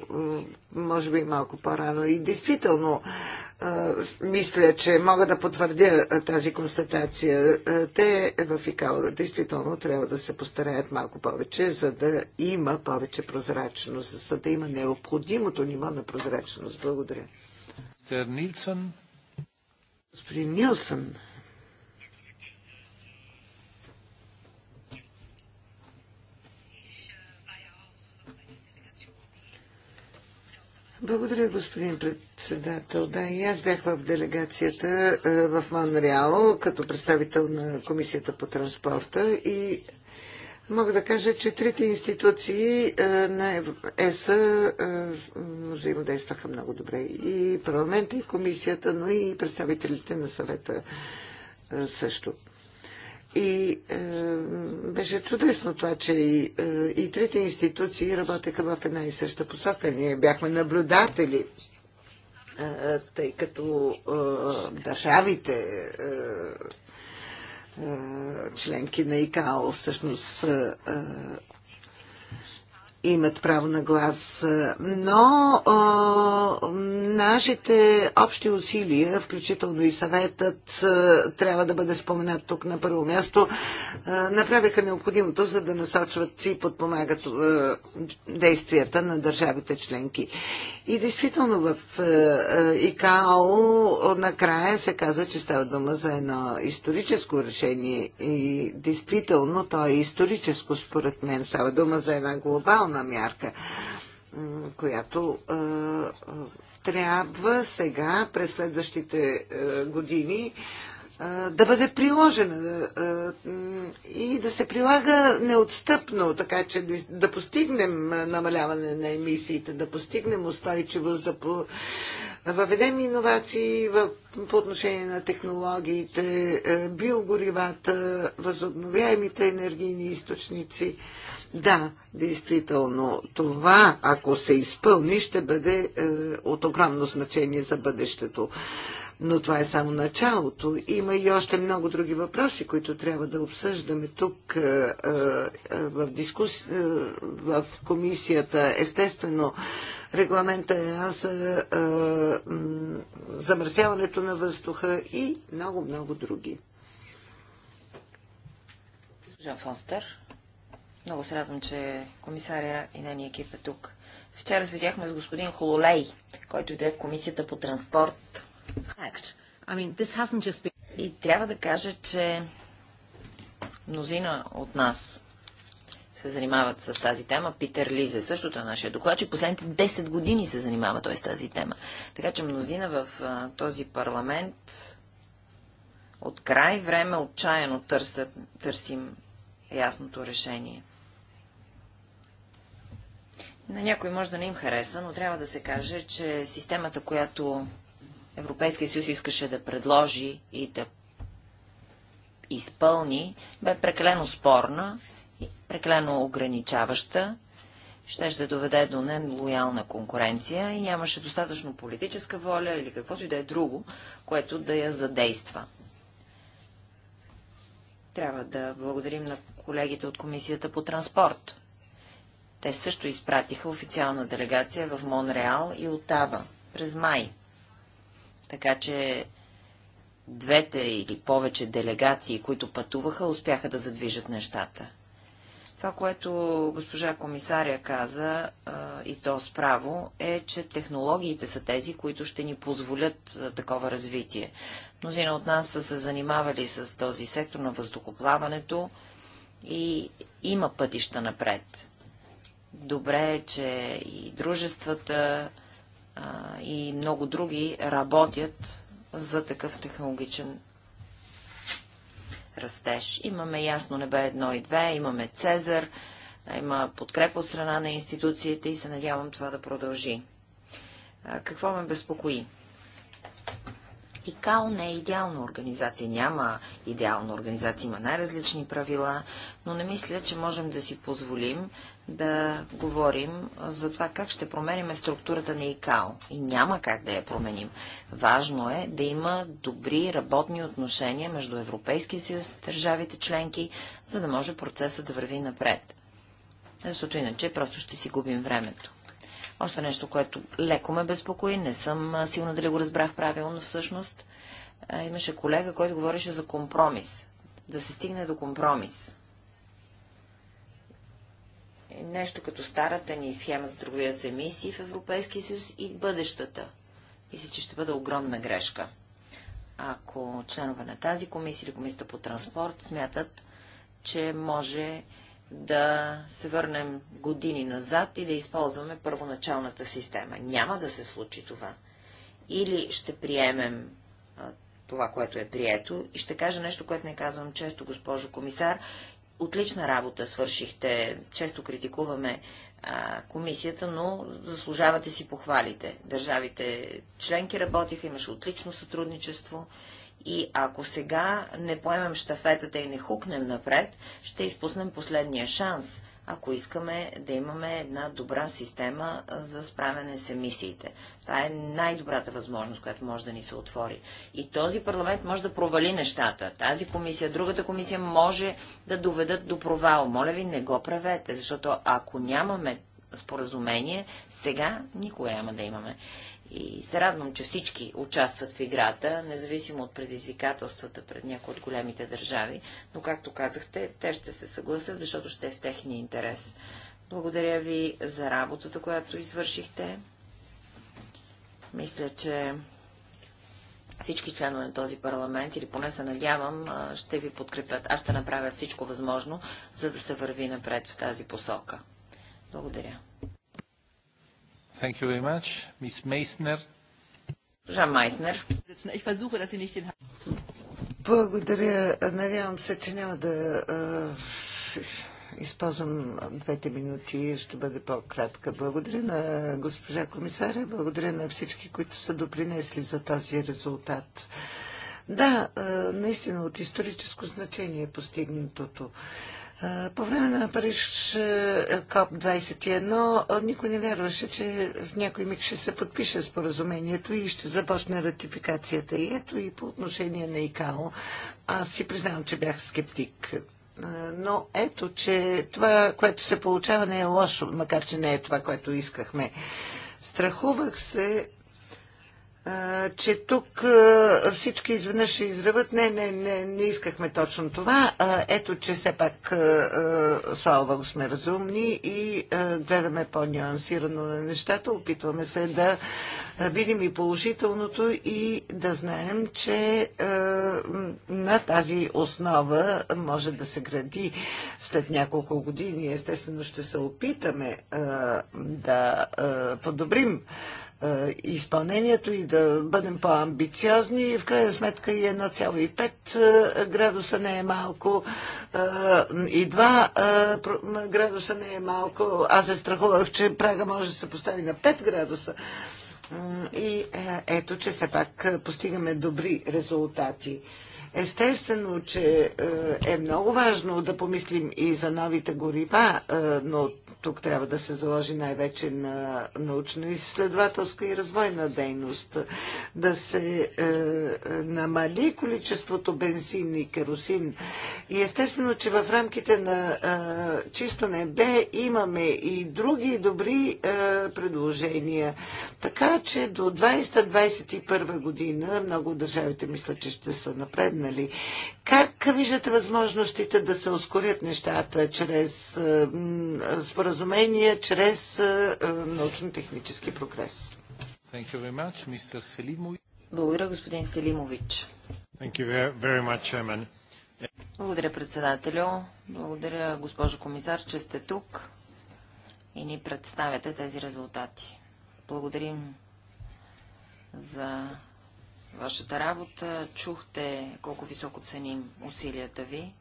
може би малко по-рано. И действително е, мисля, че мога да потвърдя тази констатация. Те в ИКАО действително трябва да се постараят малко повече, за да има повече прозрачност, за да има необходимото ниво на прозрачност. Благодаря. Господин Нилсън. Благодаря, господин председател. Да, и аз бях в делегацията е, в Монреал като представител на Комисията по транспорта и мога да кажа, че трите институции е, на ЕСА е, взаимодействаха много добре. И парламента, и комисията, но и представителите на съвета също. И е, беше чудесно това, че и, е, и трите институции работеха в една и съща посока. Ние бяхме наблюдатели, е, тъй като е, държавите. Е, е членки на ИКАО всъщност е, е, имат право на глас. Но а, нашите общи усилия, включително и съветът, а, трябва да бъде споменат тук на първо място, а, направиха необходимото, за да насочват и подпомагат а, действията на държавите членки. И действително в а, ИКАО накрая се каза, че става дума за едно историческо решение и действително то е историческо, според мен. Става дума за една глобална социална мярка, която трябва сега, през следващите е, години, да бъде приложена и да се прилага неотстъпно, така че да постигнем намаляване на емисиите, да постигнем устойчивост, да въведем иновации по отношение на технологиите, е, биогоривата, възобновяемите енергийни източници. Да, действително, това, ако се изпълни, ще бъде е, от огромно значение за бъдещето. Но това е само началото. Има и още много други въпроси, които трябва да обсъждаме тук е, е, в, дискус... Е, в комисията. Естествено, регламента е за замърсяването на въздуха и много-много други. Госпожа Фонстър, много се радвам, че комисаря и нейния екип е тук. Вчера видяхме с господин Хололей, който иде в комисията по транспорт. И трябва да кажа, че мнозина от нас се занимават с тази тема. Питер Лизе същото е нашия доклад, че последните 10 години се занимава той с тази тема. Така че мнозина в този парламент от край време отчаяно търсим ясното решение. На някой може да не им хареса, но трябва да се каже, че системата, която Европейския съюз искаше да предложи и да изпълни, бе прекалено спорна, и прекалено ограничаваща, ще ще доведе до нелоялна конкуренция и нямаше достатъчно политическа воля или каквото и да е друго, което да я задейства. Трябва да благодарим на колегите от Комисията по транспорт. Те също изпратиха официална делегация в Монреал и Отава през май. Така че двете или повече делегации, които пътуваха, успяха да задвижат нещата. Това, което госпожа комисаря каза, и то справо, е, че технологиите са тези, които ще ни позволят такова развитие. Мнозина от нас са се занимавали с този сектор на въздухоплаването и има пътища напред. Добре е, че и дружествата, а, и много други работят за такъв технологичен растеж. Имаме ясно небе едно и две, имаме Цезар, има подкрепа от страна на институциите и се надявам това да продължи. А, какво ме безпокои? ИКАО не е идеална организация, няма идеална организация, има най-различни правила, но не мисля, че можем да си позволим да говорим за това как ще променим структурата на ИКАО. И няма как да я променим. Важно е да има добри работни отношения между Европейския съюз и държавите членки, за да може процесът да върви напред. Защото иначе просто ще си губим времето. Още нещо, което леко ме безпокои, не съм сигурна дали го разбрах правилно всъщност. Имаше колега, който говореше за компромис. Да се стигне до компромис нещо като старата ни схема за търговия с емисии в Европейския съюз и бъдещата. Мисля, че ще бъде огромна грешка. Ако членове на тази комисия или комисията по транспорт смятат, че може да се върнем години назад и да използваме първоначалната система. Няма да се случи това. Или ще приемем а, това, което е прието, и ще кажа нещо, което не казвам често, госпожо комисар, Отлична работа свършихте. Често критикуваме а, комисията, но заслужавате си похвалите. Държавите членки работиха, имаше отлично сътрудничество. И ако сега не поемем штафетата и не хукнем напред, ще изпуснем последния шанс ако искаме да имаме една добра система за справяне с емисиите. Това е най-добрата възможност, която може да ни се отвори. И този парламент може да провали нещата. Тази комисия, другата комисия може да доведат до провал. Моля ви, не го правете, защото ако нямаме споразумение, сега никога няма да имаме. И се радвам, че всички участват в играта, независимо от предизвикателствата пред някои от големите държави. Но, както казахте, те ще се съгласят, защото ще е в техния интерес. Благодаря ви за работата, която извършихте. Мисля, че всички членове на този парламент, или поне се надявам, ще ви подкрепят. Аз ще направя всичко възможно, за да се върви напред в тази посока. Благодаря. Thank you very much. Miss Meissner. Жан Майснер. Благодаря. Надявам се, че няма да използвам двете минути, ще бъде по-кратка. Благодаря на госпожа комисаря, благодаря на всички, които са допринесли за този резултат. Да, наистина от историческо значение е постигнатото. По време на Париж КОП-21 никой не вярваше, че в някой миг ще се подпише споразумението и ще започне ратификацията. И ето и по отношение на ИКАО. Аз си признавам, че бях скептик. Но ето, че това, което се получава, не е лошо, макар че не е това, което искахме. Страхувах се че тук всички изведнъж ще изреват. Не, не, не, не искахме точно това. Ето, че все пак, слава Богу, сме разумни и гледаме по-нюансирано на нещата. Опитваме се да видим и положителното и да знаем, че на тази основа може да се гради след няколко години. Естествено, ще се опитаме да подобрим е, изпълнението и да бъдем по-амбициозни. В крайна сметка и 1,5 е, градуса не е малко, е, и 2 градуса не е малко. Аз се страхувах, че прага може да се постави на 5 градуса. И ето, че все пак постигаме добри резултати. Естествено, че е, е много важно да помислим и за новите горива, е, но тук трябва да се заложи най-вече на научно-изследователска и развойна дейност. Да се е, намали количеството бензин и керосин. И естествено, че в рамките на чисто небе имаме и други добри предложения. Така че до 2021 година много държавите мисля, че ще са напредни стигнали. Как виждате възможностите да се ускорят нещата чрез е, споразумения, чрез е, е, научно-технически прогрес? Much, Благодаря, господин Селимович. Much, Благодаря, председателю. Благодаря, госпожо комисар, че сте тук и ни представяте тези резултати. Благодарим за вашата работа. Чухте колко високо ценим усилията ви.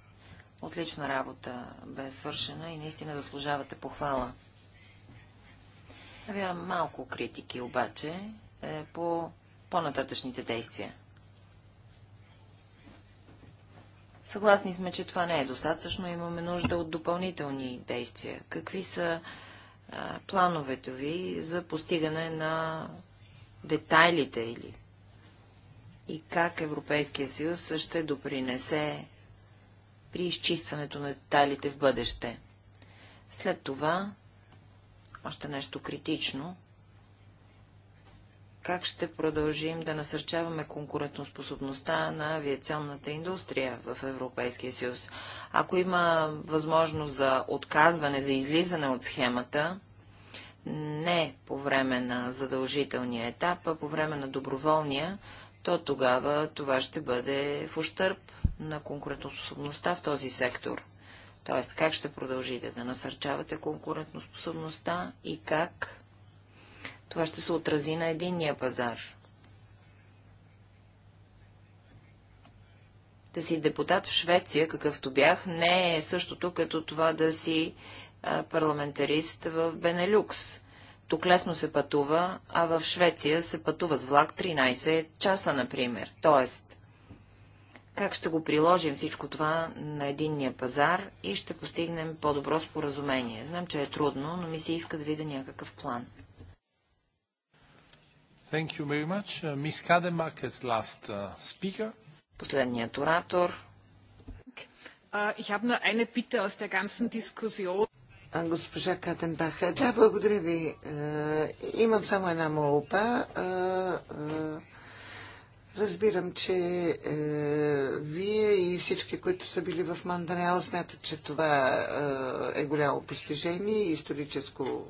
Отлична работа бе свършена и наистина заслужавате похвала. Бяха малко критики обаче е, по по-нататъчните действия. Съгласни сме, че това не е достатъчно. Имаме нужда от допълнителни действия. Какви са а, е, плановете ви за постигане на детайлите или и как Европейския съюз ще допринесе при изчистването на детайлите в бъдеще. След това, още нещо критично, как ще продължим да насърчаваме конкурентоспособността на авиационната индустрия в Европейския съюз. Ако има възможност за отказване, за излизане от схемата, не по време на задължителния етап, а по време на доброволния, то тогава това ще бъде в ущърп на конкурентоспособността в този сектор. Тоест, как ще продължите да насърчавате конкурентоспособността и как това ще се отрази на единния пазар. Да си депутат в Швеция, какъвто бях, не е същото като това да си парламентарист в Бенелюкс. Тук лесно се пътува, а в Швеция се пътува с влак 13 часа, например. Тоест, как ще го приложим всичко това на единния пазар и ще постигнем по-добро споразумение. Знам, че е трудно, но ми се иска да видя някакъв план. Thank you very much. Uh, Miss Kademak is last uh, speaker. Последният оратор. Uh, Ich habe nur eine Bitte aus der ganzen Diskussion госпожа Катенбаха. Да, благодаря ви. Е, имам само една молба. Е, е, разбирам, че е, вие и всички, които са били в Мандареал, смятат, че това е, е голямо постижение, историческо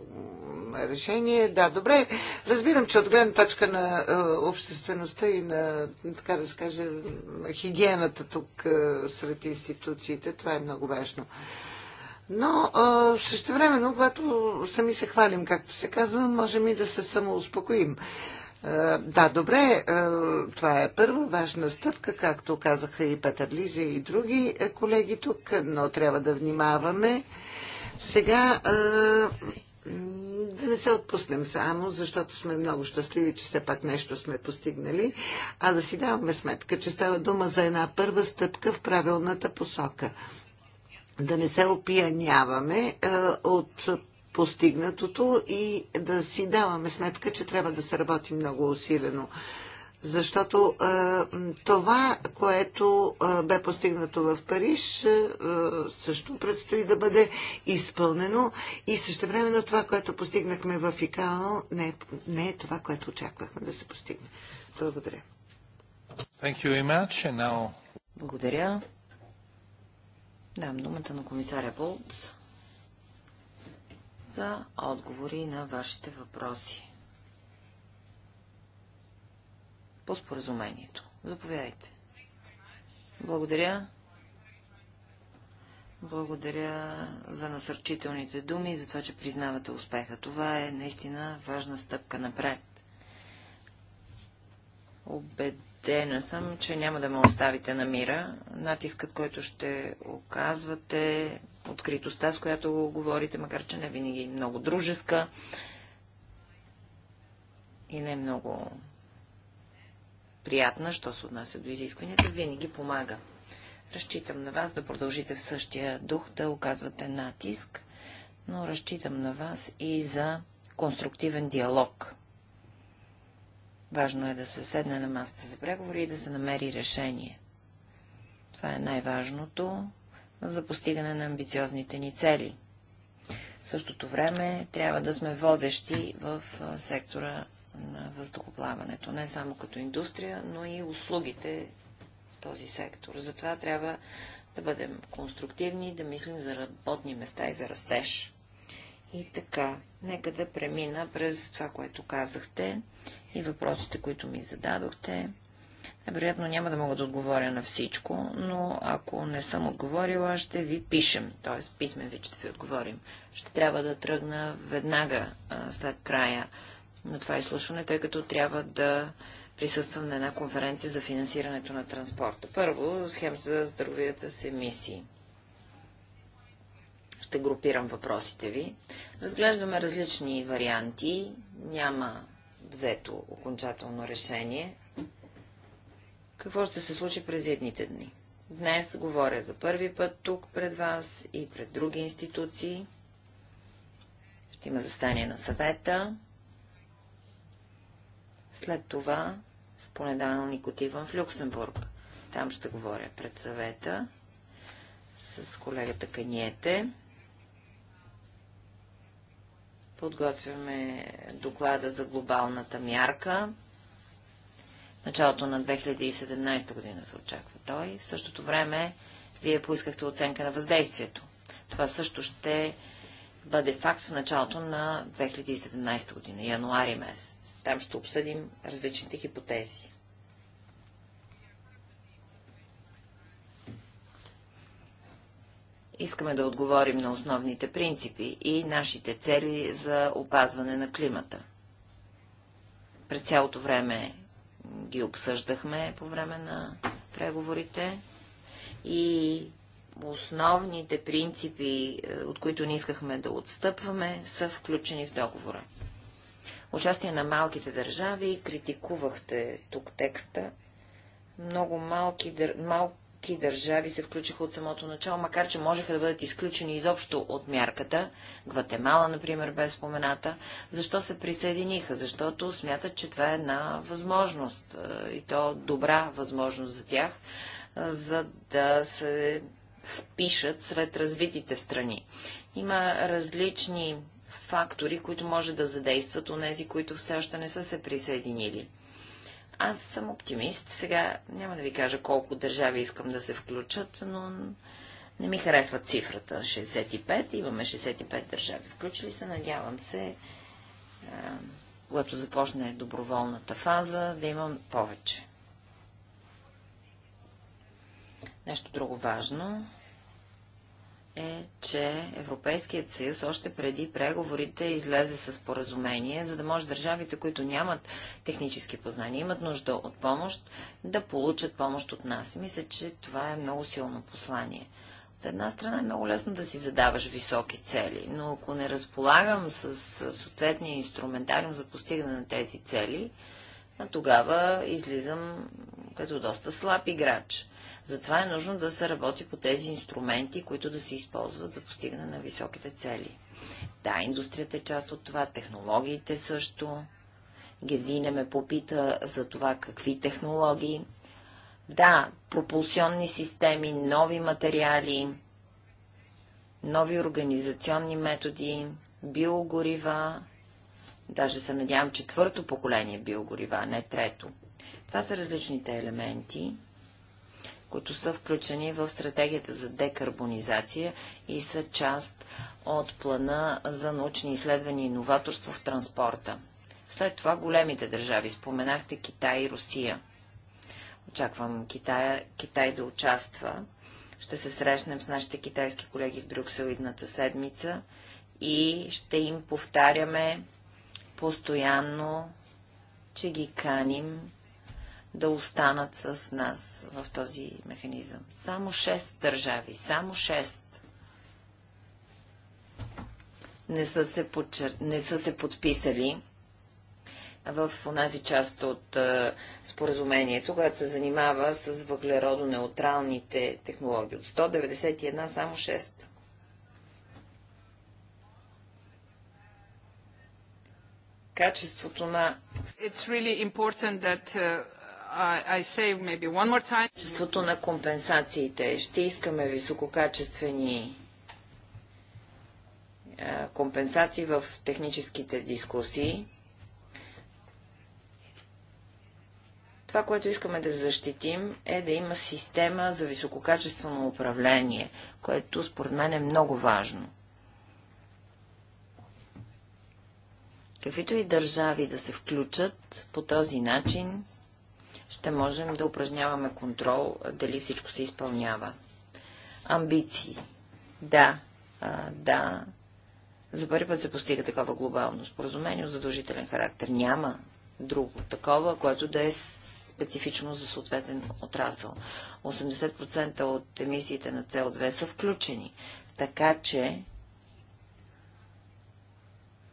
решение. Да, добре. Разбирам, че от гледна точка на е, обществеността и на, така да скажем, хигиената тук е, сред институциите, това е много важно. Е, но а, същевременно, когато сами се хвалим, както се казва, можем и да се самоуспокоим. А, да, добре, а, това е първа важна стъпка, както казаха и Петър Лиза и други колеги тук, но трябва да внимаваме. Сега а, да не се отпуснем само, защото сме много щастливи, че все пак нещо сме постигнали, а да си даваме сметка, че става дума за една първа стъпка в правилната посока – да не се опияняваме е, от постигнатото и да си даваме сметка, че трябва да се работи много усилено. Защото е, това, което е, бе постигнато в Париж, също предстои да бъде изпълнено и също времено това, което постигнахме в ИКАО, не, не е това, което очаквахме да се постигне. Благодаря. Благодаря. Дам думата на комисаря Болц за отговори на вашите въпроси. По споразумението. Заповядайте. Благодаря. Благодаря за насърчителните думи и за това, че признавате успеха. Това е наистина важна стъпка напред. Обед убедена съм, че няма да ме оставите на мира. Натискът, който ще оказвате, откритостта, с която го говорите, макар че не винаги е много дружеска и не е много приятна, що се отнася до изискванията, винаги помага. Разчитам на вас да продължите в същия дух, да оказвате натиск, но разчитам на вас и за конструктивен диалог Важно е да се седне на масата за преговори и да се намери решение. Това е най-важното за постигане на амбициозните ни цели. В същото време трябва да сме водещи в сектора на въздухоплаването, не само като индустрия, но и услугите в този сектор. Затова трябва да бъдем конструктивни, да мислим за работни места и за растеж. И така, нека да премина през това, което казахте и въпросите, които ми зададохте. Вероятно няма да мога да отговоря на всичко, но ако не съм отговорила, ще ви пишем, т.е. писмен ви ще ви отговорим. Ще трябва да тръгна веднага а, след края на това изслушване, тъй като трябва да присъствам на една конференция за финансирането на транспорта. Първо, схем за здравията с емисии. Ще групирам въпросите ви. Разглеждаме различни варианти. Няма взето окончателно решение. Какво ще се случи през едните дни? Днес говоря за първи път тук пред вас и пред други институции. Ще има застание на съвета. След това в понеделник отивам в Люксембург. Там ще говоря пред съвета с колегата Каниете. Подготвяме доклада за глобалната мярка. Началото на 2017 година се очаква той. В същото време вие поискахте оценка на въздействието. Това също ще бъде факт в началото на 2017 година, януари месец. Там ще обсъдим различните хипотези. искаме да отговорим на основните принципи и нашите цели за опазване на климата. През цялото време ги обсъждахме по време на преговорите и основните принципи, е, от които не искахме да отстъпваме, са включени в договора. Участие на малките държави, критикувахте тук текста. Много малки, малки. Всички държави се включиха от самото начало, макар че можеха да бъдат изключени изобщо от мярката. Гватемала, например, бе спомената. Защо се присъединиха? Защото смятат, че това е една възможност и то добра възможност за тях, за да се впишат сред развитите страни. Има различни фактори, които може да задействат у нези, които все още не са се присъединили. Аз съм оптимист. Сега няма да ви кажа колко държави искам да се включат, но не ми харесва цифрата 65. Имаме 65 държави. Включили се, надявам се, когато започне доброволната фаза, да имам повече. Нещо друго важно е, че Европейският съюз още преди преговорите излезе с поразумение, за да може държавите, които нямат технически познания, имат нужда от помощ, да получат помощ от нас. Мисля, че това е много силно послание. От една страна е много лесно да си задаваш високи цели, но ако не разполагам с съответния инструментариум за постигане на тези цели, тогава излизам като доста слаб играч. Затова е нужно да се работи по тези инструменти, които да се използват за постигане на високите цели. Да, индустрията е част от това, технологиите също. Гезина ме попита за това какви технологии. Да, пропулсионни системи, нови материали, нови организационни методи, биогорива, даже се надявам четвърто поколение биогорива, а не трето. Това са различните елементи, които са включени в стратегията за декарбонизация и са част от плана за научни изследвания и новаторство в транспорта. След това големите държави, споменахте Китай и Русия. Очаквам Китая, Китай да участва. Ще се срещнем с нашите китайски колеги в Брюксел идната седмица и ще им повтаряме постоянно, че ги каним да останат с нас в този механизъм. Само 6 държави, само 6 не са се, подчер... не са се подписали в онази част от а, споразумението, която се занимава с въглеродонеутралните технологии. От 191 само 6. Качеството на... It's really important that uh, Качеството на компенсациите. Ще искаме висококачествени е, компенсации в техническите дискусии. Това, което искаме да защитим, е да има система за висококачествено управление, което според мен е много важно. Каквито и държави да се включат по този начин, ще можем да упражняваме контрол дали всичко се изпълнява. Амбиции. Да, а, да. За първи път се постига такова глобално споразумение от задължителен характер. Няма друго такова, което да е специфично за съответен отрасъл. 80% от емисиите на CO2 са включени. Така че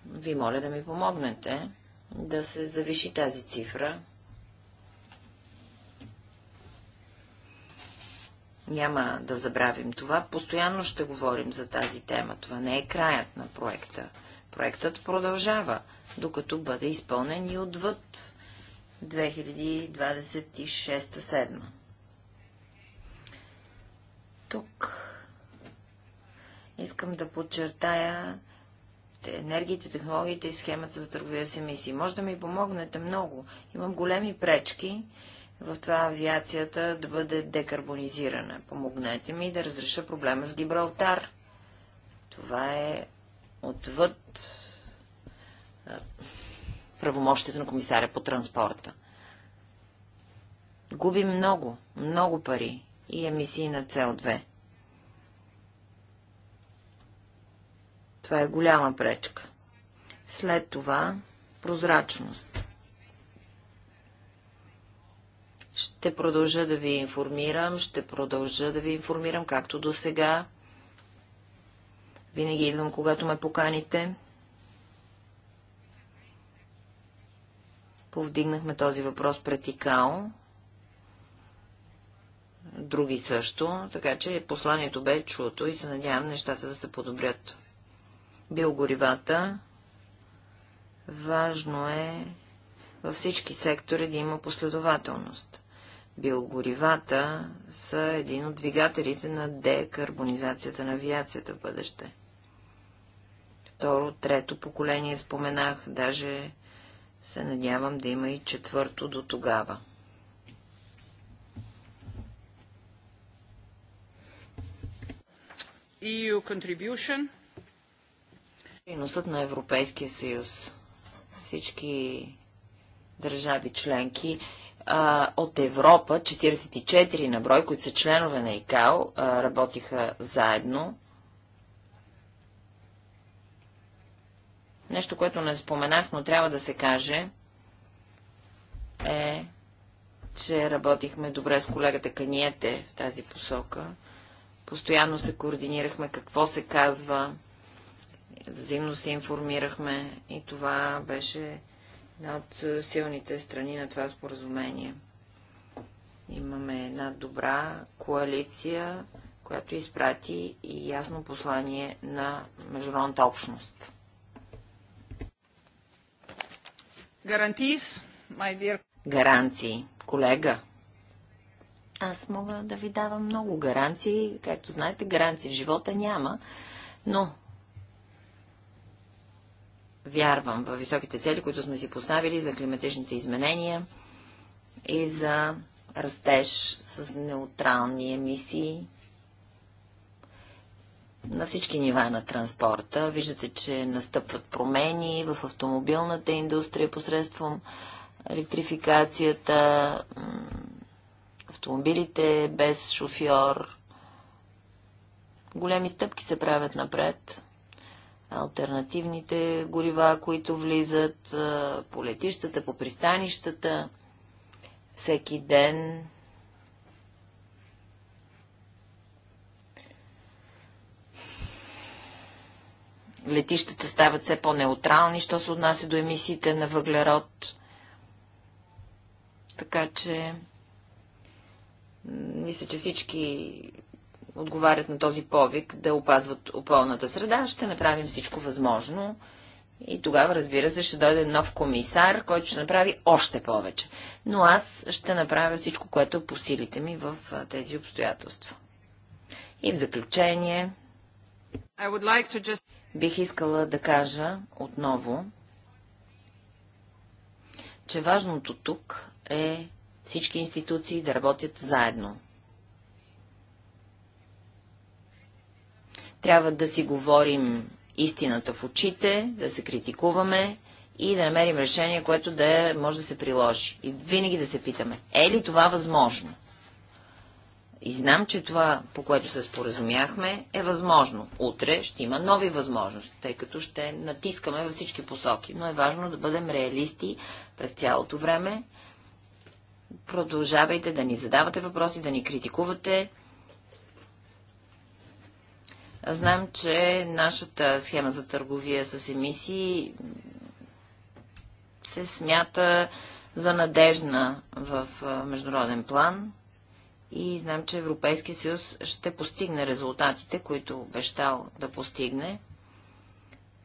ви моля да ми помогнете да се завиши тази цифра Няма да забравим това. Постоянно ще говорим за тази тема. Това не е краят на проекта. Проектът продължава, докато бъде изпълнен и отвъд 2026 2027 Тук искам да подчертая енергиите, технологиите и схемата за търговия с емисии. Може да ми помогнете много. Имам големи пречки в това авиацията да бъде декарбонизирана. Помогнете ми да разреша проблема с Гибралтар. Това е отвъд правомощите на комисаря по транспорта. Губи много, много пари и емисии на CO2. Това е голяма пречка. След това прозрачност. Ще продължа да ви информирам, ще продължа да ви информирам, както до сега. Винаги идвам, когато ме поканите. Повдигнахме този въпрос пред ИКАО. Други също, така че посланието бе чуто и се надявам нещата да се подобрят. Биогоривата. Важно е във всички сектори да има последователност биогоривата са един от двигателите на декарбонизацията на авиацията в бъдеще. Второ, трето поколение споменах, даже се надявам да има и четвърто до тогава. EU contribution. Приносът на Европейския съюз. Всички държави членки а, от Европа, 44 на брой, които са членове на ИКАО, а, работиха заедно. Нещо, което не споменах, но трябва да се каже, е, че работихме добре с колегата Каниете в тази посока. Постоянно се координирахме какво се казва, взаимно се информирахме и това беше една от е, силните страни на това споразумение. Имаме една добра коалиция, която изпрати и ясно послание на международната общност. Гарантис, my dear... Гаранции, колега. Аз мога да ви давам много гаранции. Както знаете, гаранции в живота няма, но вярвам в високите цели, които сме си поставили за климатичните изменения и за растеж с неутрални емисии на всички нива на транспорта. Виждате, че настъпват промени в автомобилната индустрия посредством електрификацията, автомобилите без шофьор. Големи стъпки се правят напред альтернативните горива, които влизат по летищата, по пристанищата, всеки ден. Летищата стават все по-неутрални, що се отнася до емисиите на въглерод. Така че, мисля, че всички отговарят на този повик да опазват околната среда, ще направим всичко възможно. И тогава, разбира се, ще дойде нов комисар, който ще направи още повече. Но аз ще направя всичко, което е по силите ми в тези обстоятелства. И в заключение, like just... бих искала да кажа отново, че важното тук е всички институции да работят заедно. Трябва да си говорим истината в очите, да се критикуваме и да намерим решение, което да е, може да се приложи. И винаги да се питаме, е ли това възможно? И знам, че това, по което се споразумяхме, е възможно. Утре ще има нови възможности, тъй като ще натискаме във всички посоки. Но е важно да бъдем реалисти през цялото време. Продължавайте да ни задавате въпроси, да ни критикувате Знам, че нашата схема за търговия с емисии се смята за надежна в международен план и знам, че Европейския съюз ще постигне резултатите, които обещал да постигне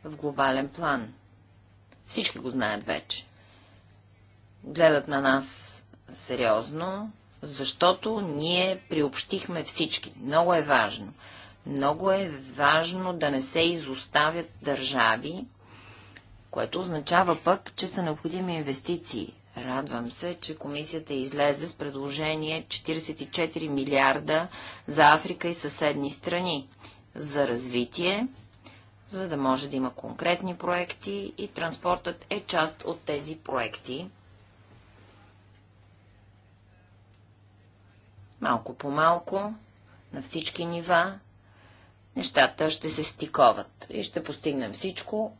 в глобален план. Всички го знаят вече. Гледат на нас сериозно, защото ние приобщихме всички. Много е важно. Много е важно да не се изоставят държави, което означава пък, че са необходими инвестиции. Радвам се, че комисията излезе с предложение 44 милиарда за Африка и съседни страни за развитие, за да може да има конкретни проекти и транспортът е част от тези проекти. Малко по малко, на всички нива, нещата ще се стиковат и ще постигнем всичко,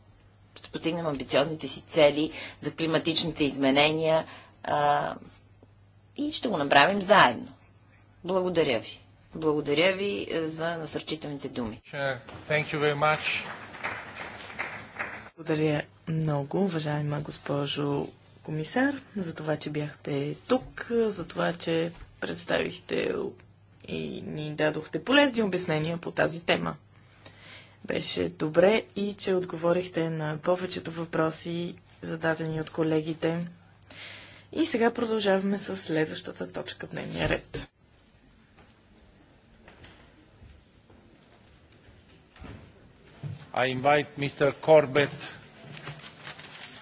ще постигнем амбициозните си цели за климатичните изменения а, и ще го направим заедно. Благодаря ви. Благодаря ви е, за насърчителните думи. Благодаря много, уважаема госпожо комисар, за това, че бяхте тук, за това, че представихте и ни дадохте полезни обяснения по тази тема. Беше добре и че отговорихте на повечето въпроси, зададени от колегите. И сега продължаваме с следващата точка в дневния ред. I invite Mr. Corbett.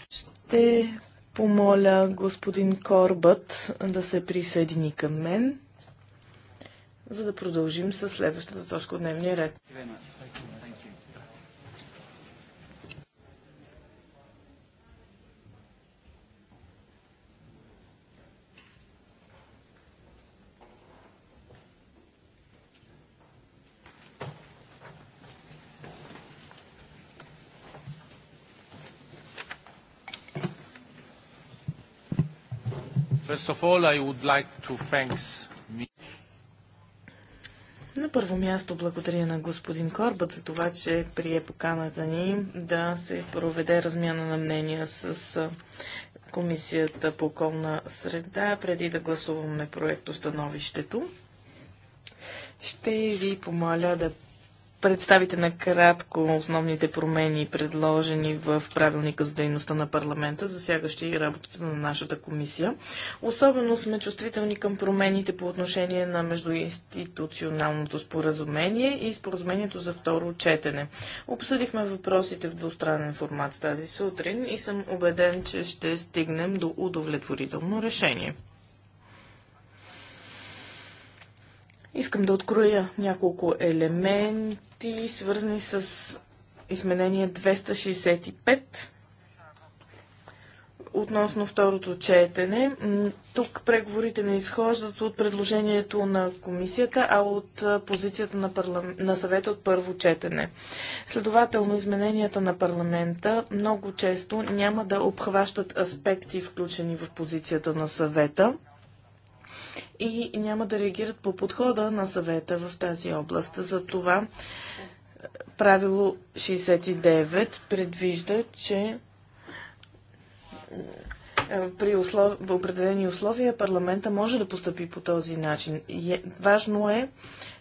Ще помоля господин Корбът да се присъедини към мен за да продължим с следващата точка от дневния ред. First of all, I would like to thanks на първо място благодаря на господин Корбът за това, че прие поканата ни да се проведе размяна на мнения с Комисията по околна среда, преди да гласуваме проекто становището. Ще ви помоля да представите накратко основните промени, предложени в правилника за дейността на парламента, засягащи работата на нашата комисия. Особено сме чувствителни към промените по отношение на междуинституционалното споразумение и споразумението за второ четене. Обсъдихме въпросите в двустранен формат тази сутрин и съм убеден, че ще стигнем до удовлетворително решение. Искам да откроя няколко елементи, свързани с изменение 265 относно второто четене. Тук преговорите не изхождат от предложението на комисията, а от позицията на, парлам... на съвета от първо четене. Следователно, измененията на парламента много често няма да обхващат аспекти, включени в позицията на съвета и няма да реагират по подхода на съвета в тази област. За това е, правило 69 предвижда, че е, при услов... определени условия парламента може да поступи по този начин. Е... Важно е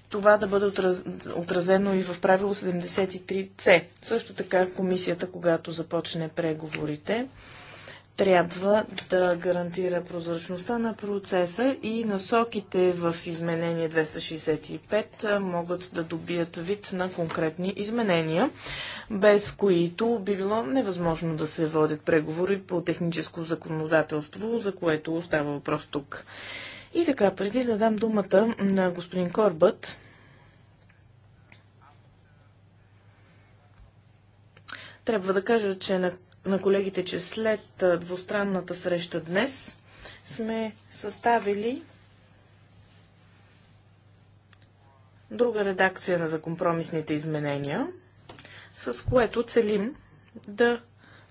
това да бъде отраз... отразено и в правило 73c. Също така комисията, когато започне преговорите, трябва да гарантира прозрачността на процеса и насоките в изменение 265 могат да добият вид на конкретни изменения, без които би било невъзможно да се водят преговори по техническо законодателство, за което остава въпрос тук. И така, преди да дам думата на господин Корбът, трябва да кажа, че на на колегите, че след двустранната среща днес сме съставили друга редакция на за компромисните изменения, с което целим да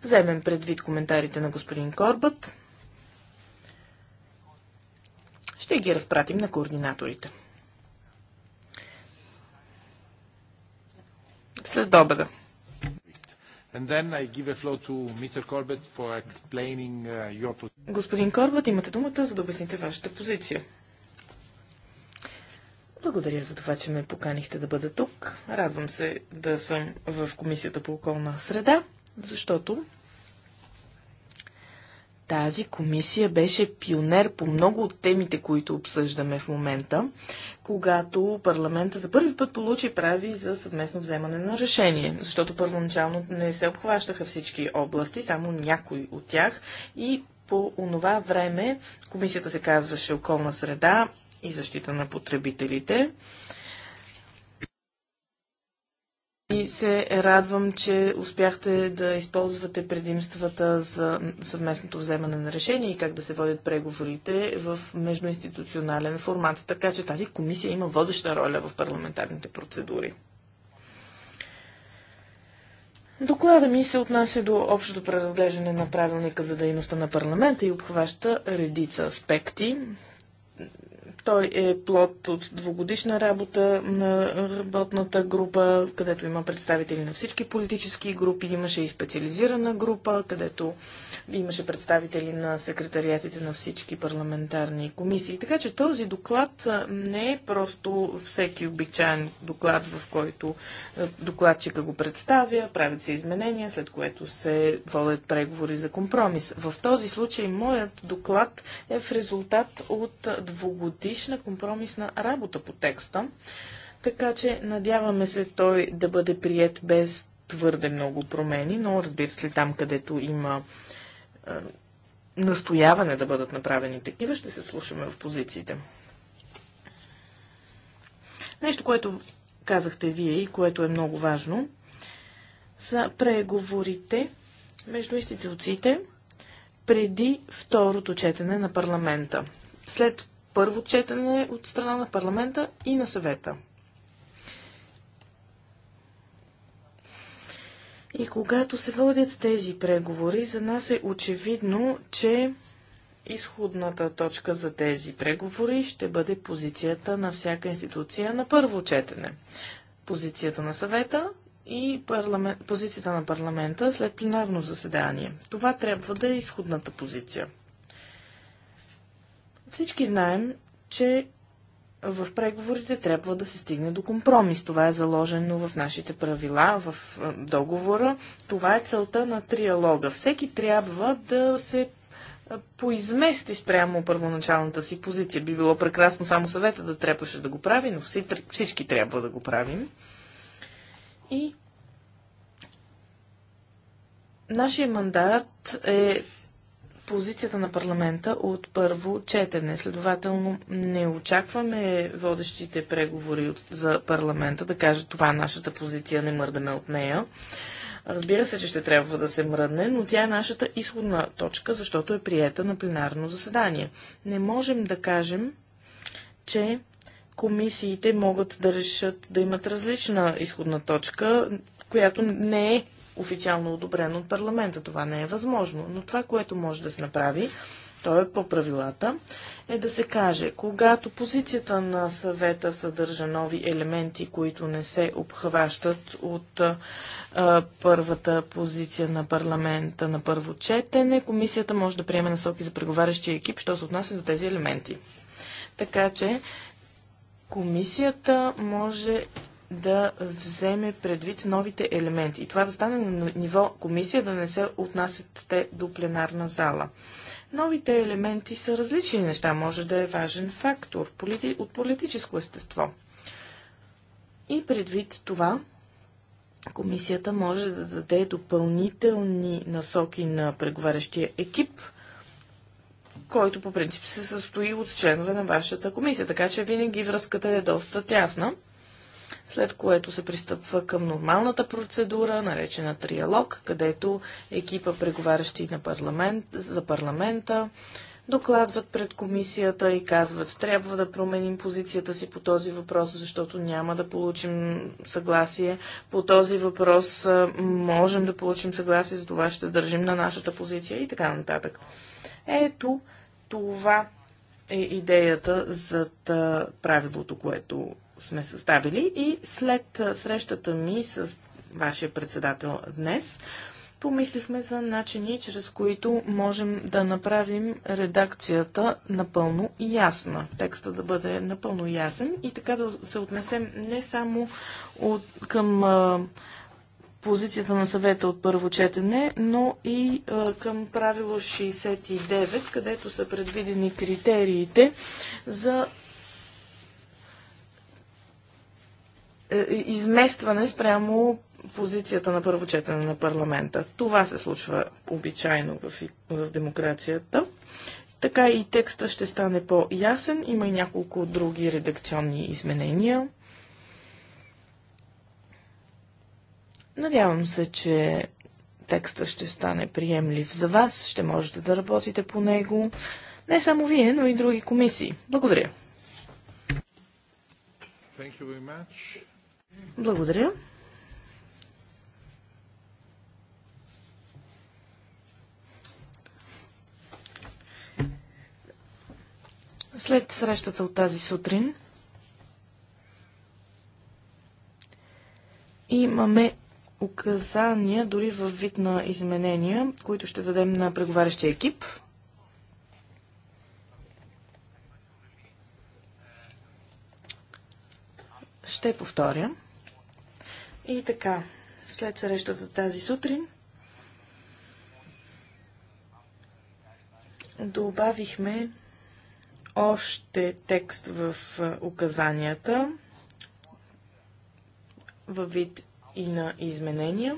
вземем предвид коментарите на господин Корбът. Ще ги разпратим на координаторите. След обеда. Uh, Господин Корбет, имате думата, за да обясните вашата позиция. Благодаря за това, че ме поканихте да бъда тук. Радвам се да съм в Комисията по околна среда, защото тази комисия беше пионер по много от темите, които обсъждаме в момента, когато парламента за първи път получи прави за съвместно вземане на решение, защото първоначално не се обхващаха всички области, само някои от тях и по онова време комисията се казваше околна среда и защита на потребителите. И се радвам, че успяхте да използвате предимствата за съвместното вземане на решение и как да се водят преговорите в междуинституционален формат. Така че тази комисия има водеща роля в парламентарните процедури. Доклада ми се отнася до общото преразглеждане на правилника за дейността на парламента и обхваща редица аспекти той е плод от двогодишна работа на работната група, където има представители на всички политически групи. Имаше и специализирана група, където имаше представители на секретариатите на всички парламентарни комисии. Така че този доклад не е просто всеки обичайен доклад, в който докладчика го представя, правят се изменения, след което се водят преговори за компромис. В този случай моят доклад е в резултат от двогодишна годишна компромисна работа по текста, така че надяваме се той да бъде прият без твърде много промени, но разбира се, там където има е, настояване да бъдат направени такива, ще се слушаме в позициите. Нещо, което казахте вие и което е много важно, са преговорите между институциите преди второто четене на парламента. След първо четене от страна на парламента и на съвета. И когато се водят тези преговори, за нас е очевидно, че изходната точка за тези преговори ще бъде позицията на всяка институция на първо четене. Позицията на съвета и позицията на парламента след пленарно заседание. Това трябва да е изходната позиция. Всички знаем, че в преговорите трябва да се стигне до компромис. Това е заложено в нашите правила, в договора. Това е целта на триалога. Всеки трябва да се поизмести спрямо първоначалната си позиция. Би било прекрасно само съвета да трябваше да го прави, но всички трябва да го правим. И нашия мандат е позицията на парламента от първо четене. Следователно, не очакваме водещите преговори за парламента да кажат това е нашата позиция, не мърдаме от нея. Разбира се, че ще трябва да се мръдне, но тя е нашата изходна точка, защото е приета на пленарно заседание. Не можем да кажем, че комисиите могат да решат да имат различна изходна точка, която не е официално одобрено от парламента. Това не е възможно. Но това, което може да се направи, то е по правилата, е да се каже, когато позицията на съвета съдържа нови елементи, които не се обхващат от а, първата позиция на парламента на първо четене, комисията може да приеме насоки за преговарящия екип, що се отнася до тези елементи. Така че комисията може да вземе предвид новите елементи и това да стане на ниво комисия, да не се отнасят те до пленарна зала. Новите елементи са различни неща, може да е важен фактор от политическо естество. И предвид това, комисията може да даде допълнителни насоки на преговарящия екип, който по принцип се състои от членове на вашата комисия, така че винаги връзката е доста тясна след което се пристъпва към нормалната процедура, наречена триалог, където екипа преговарящи на парламент, за парламента докладват пред комисията и казват, трябва да променим позицията си по този въпрос, защото няма да получим съгласие. По този въпрос можем да получим съгласие, за това ще държим на нашата позиция и така нататък. Ето това е идеята за правилото, което сме съставили и след срещата ми с вашия председател днес, помислихме за начини, чрез които можем да направим редакцията напълно ясна. Текста да бъде напълно ясен и така да се отнесем не само от, към а, позицията на съвета от първо четене, но и а, към правило 69, където са предвидени критериите за Е, е, изместване спрямо позицията на първо четене на парламента. Това се случва обичайно в, в демокрацията. Така и текста ще стане по-ясен. Има и няколко други редакционни изменения. Надявам се, че текста ще стане приемлив за вас. Ще можете да работите по него. Не само вие, но и други комисии. Благодаря. Thank you very much. Благодаря. След срещата от тази сутрин имаме указания, дори в вид на изменения, които ще дадем на преговарящия екип. Ще повторя. И така, след срещата тази сутрин, добавихме още текст в указанията във вид и на изменения.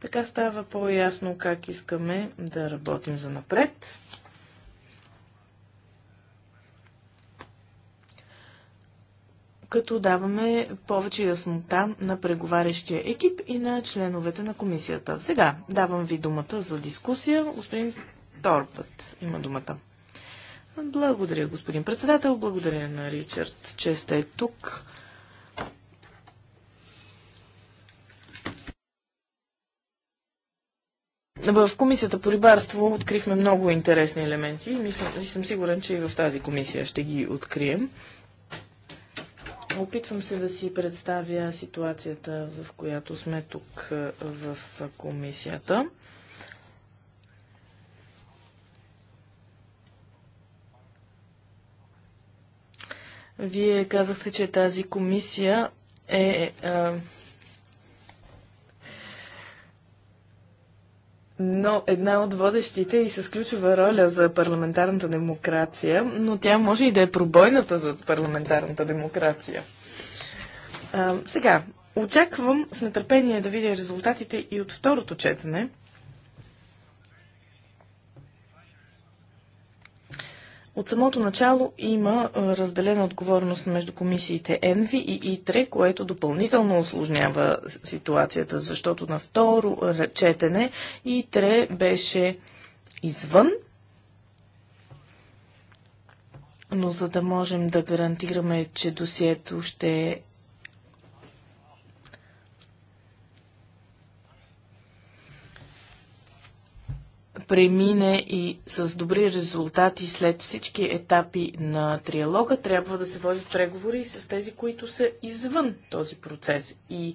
Така става по-ясно как искаме да работим за напред. като даваме повече яснота на преговарящия екип и на членовете на комисията. Сега давам ви думата за дискусия. Господин Торпът има думата. Благодаря, господин председател. Благодаря на Ричард, че сте тук. В комисията по рибарство открихме много интересни елементи и съм сигурен, че и в тази комисия ще ги открием. Опитвам се да си представя ситуацията, в която сме тук е, в комисията. Вие казахте, че тази комисия е, е но една от водещите и с ключова роля за парламентарната демокрация, но тя може и да е пробойната за парламентарната демокрация. А, сега, очаквам с нетърпение да видя резултатите и от второто четене, От самото начало има разделена отговорност между комисиите ЕНВИ и ИТРЕ, което допълнително осложнява ситуацията, защото на второ четене ИТРЕ беше извън но за да можем да гарантираме, че досието ще премине и с добри резултати след всички етапи на триалога, трябва да се водят преговори с тези, които са извън този процес. И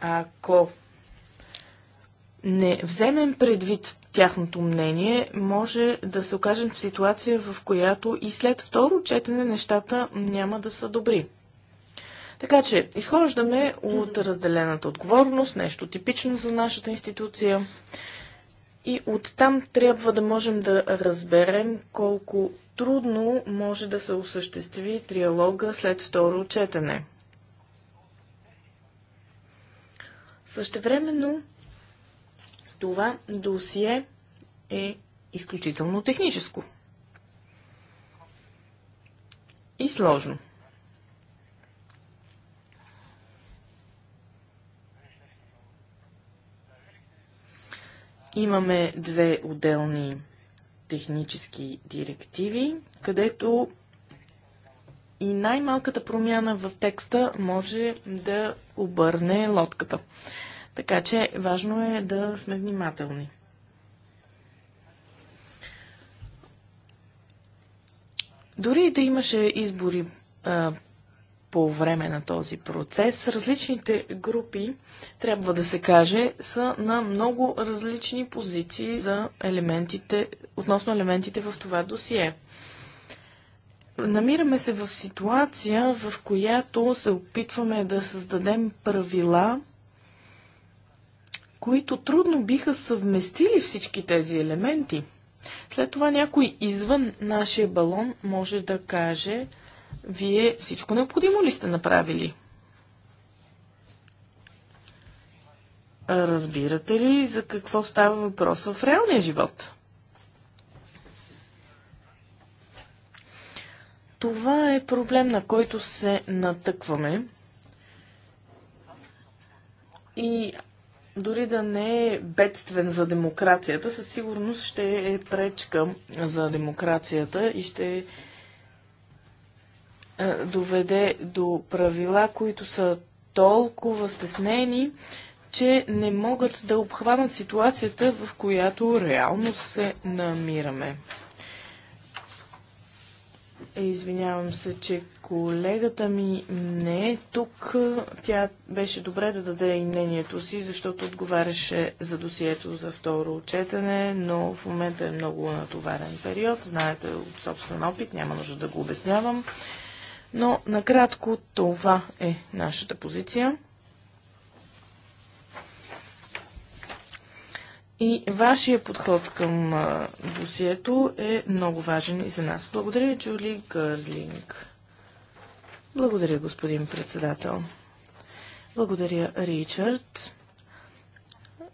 ако не вземем предвид тяхното мнение, може да се окажем в ситуация, в която и след второ четене нещата няма да са добри. Така че изхождаме от разделената отговорност, нещо типично за нашата институция. И оттам трябва да можем да разберем колко трудно може да се осъществи триалога след второ четене. Същевременно това досие е изключително техническо и сложно. Имаме две отделни технически директиви, където и най-малката промяна в текста може да обърне лодката. Така че важно е да сме внимателни. Дори да имаше избори по време на този процес. Различните групи, трябва да се каже, са на много различни позиции за елементите, относно елементите в това досие. Намираме се в ситуация, в която се опитваме да създадем правила, които трудно биха съвместили всички тези елементи. След това някой извън нашия балон може да каже, вие всичко необходимо ли сте направили? Разбирате ли за какво става въпрос в реалния живот? Това е проблем, на който се натъкваме. И дори да не е бедствен за демокрацията, със сигурност ще е пречка за демокрацията и ще е. Е, доведе до правила, които са толкова стеснени, че не могат да обхванат ситуацията, в която реално се намираме. Е, извинявам се, че колегата ми не е тук. Тя беше добре да даде и мнението си, защото отговаряше за досието за второ четене, но в момента е много натоварен период. Знаете от собствен опит, няма нужда да го обяснявам. Но накратко това е нашата позиция. И вашия подход към досието е много важен и за нас. Благодаря, Джули Гърлинг. Благодаря, господин председател. Благодаря, Ричард.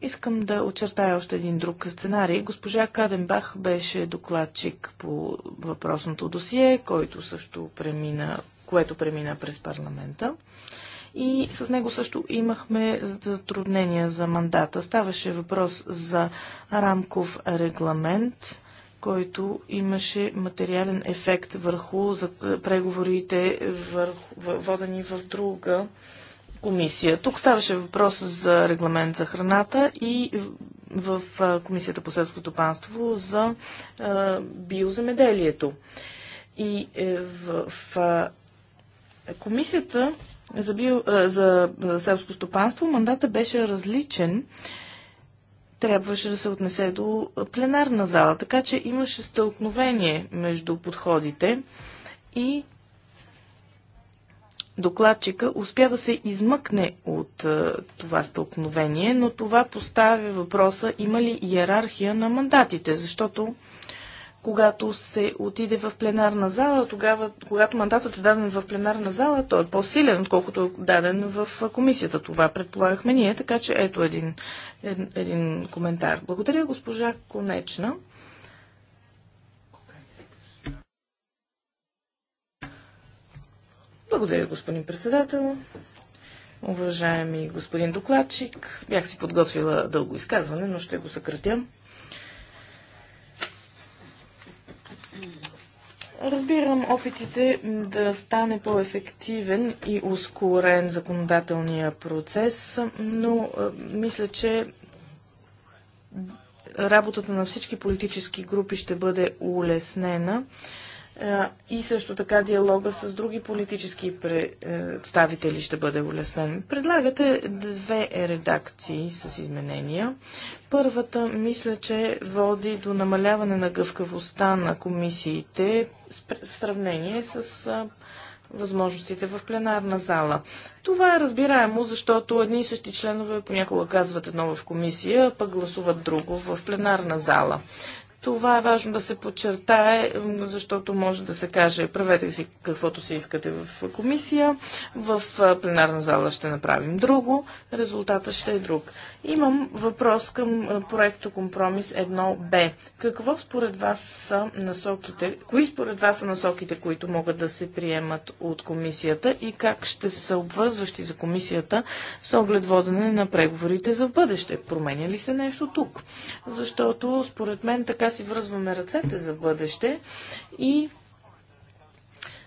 Искам да очертая още един друг сценарий. Госпожа Каденбах беше докладчик по въпросното досие, който също премина, което премина през парламента. И с него също имахме затруднения за мандата. Ставаше въпрос за рамков регламент, който имаше материален ефект върху преговорите, върху, водени в друга комисия. Тук ставаше въпрос за регламент за храната и в Комисията по селското стопанство за биоземеделието. И е, в, в Комисията за, био, за селско стопанство мандата беше различен. Трябваше да се отнесе до пленарна зала, така че имаше стълкновение между подходите и докладчика успя да се измъкне от а, е, това стълкновение, но това поставя въпроса има ли иерархия на мандатите, защото когато се отиде в пленарна зала, тогава, когато мандатът е даден в пленарна зала, той е по-силен, отколкото е даден в е, комисията. Това предполагахме ние, така че ето един, един, един коментар. Благодаря, госпожа Конечна. Благодаря, господин председател. Уважаеми господин докладчик, бях си подготвила дълго изказване, но ще го съкратя. Разбирам опитите да стане по-ефективен и ускорен законодателния процес, но мисля, че работата на всички политически групи ще бъде улеснена и също така диалога с други политически е, представители ще бъде улеснен. Предлагате две редакции с изменения. Първата, мисля, че води до намаляване на гъвкавостта на комисиите в сравнение с възможностите в пленарна зала. Това е разбираемо, защото едни и същи членове понякога казват едно в комисия, пък гласуват друго в пленарна зала. Това е важно да се подчертае, защото може да се каже, правете си каквото си искате в комисия, в пленарна зала ще направим друго, резултата ще е друг. Имам въпрос към проекто Компромис 1Б. Какво според вас са насоките, кои според вас са насоките, които могат да се приемат от комисията и как ще са обвързващи за комисията с оглед водене на преговорите за в бъдеще? Променя ли се нещо тук? Защото според мен така си връзваме ръцете за бъдеще и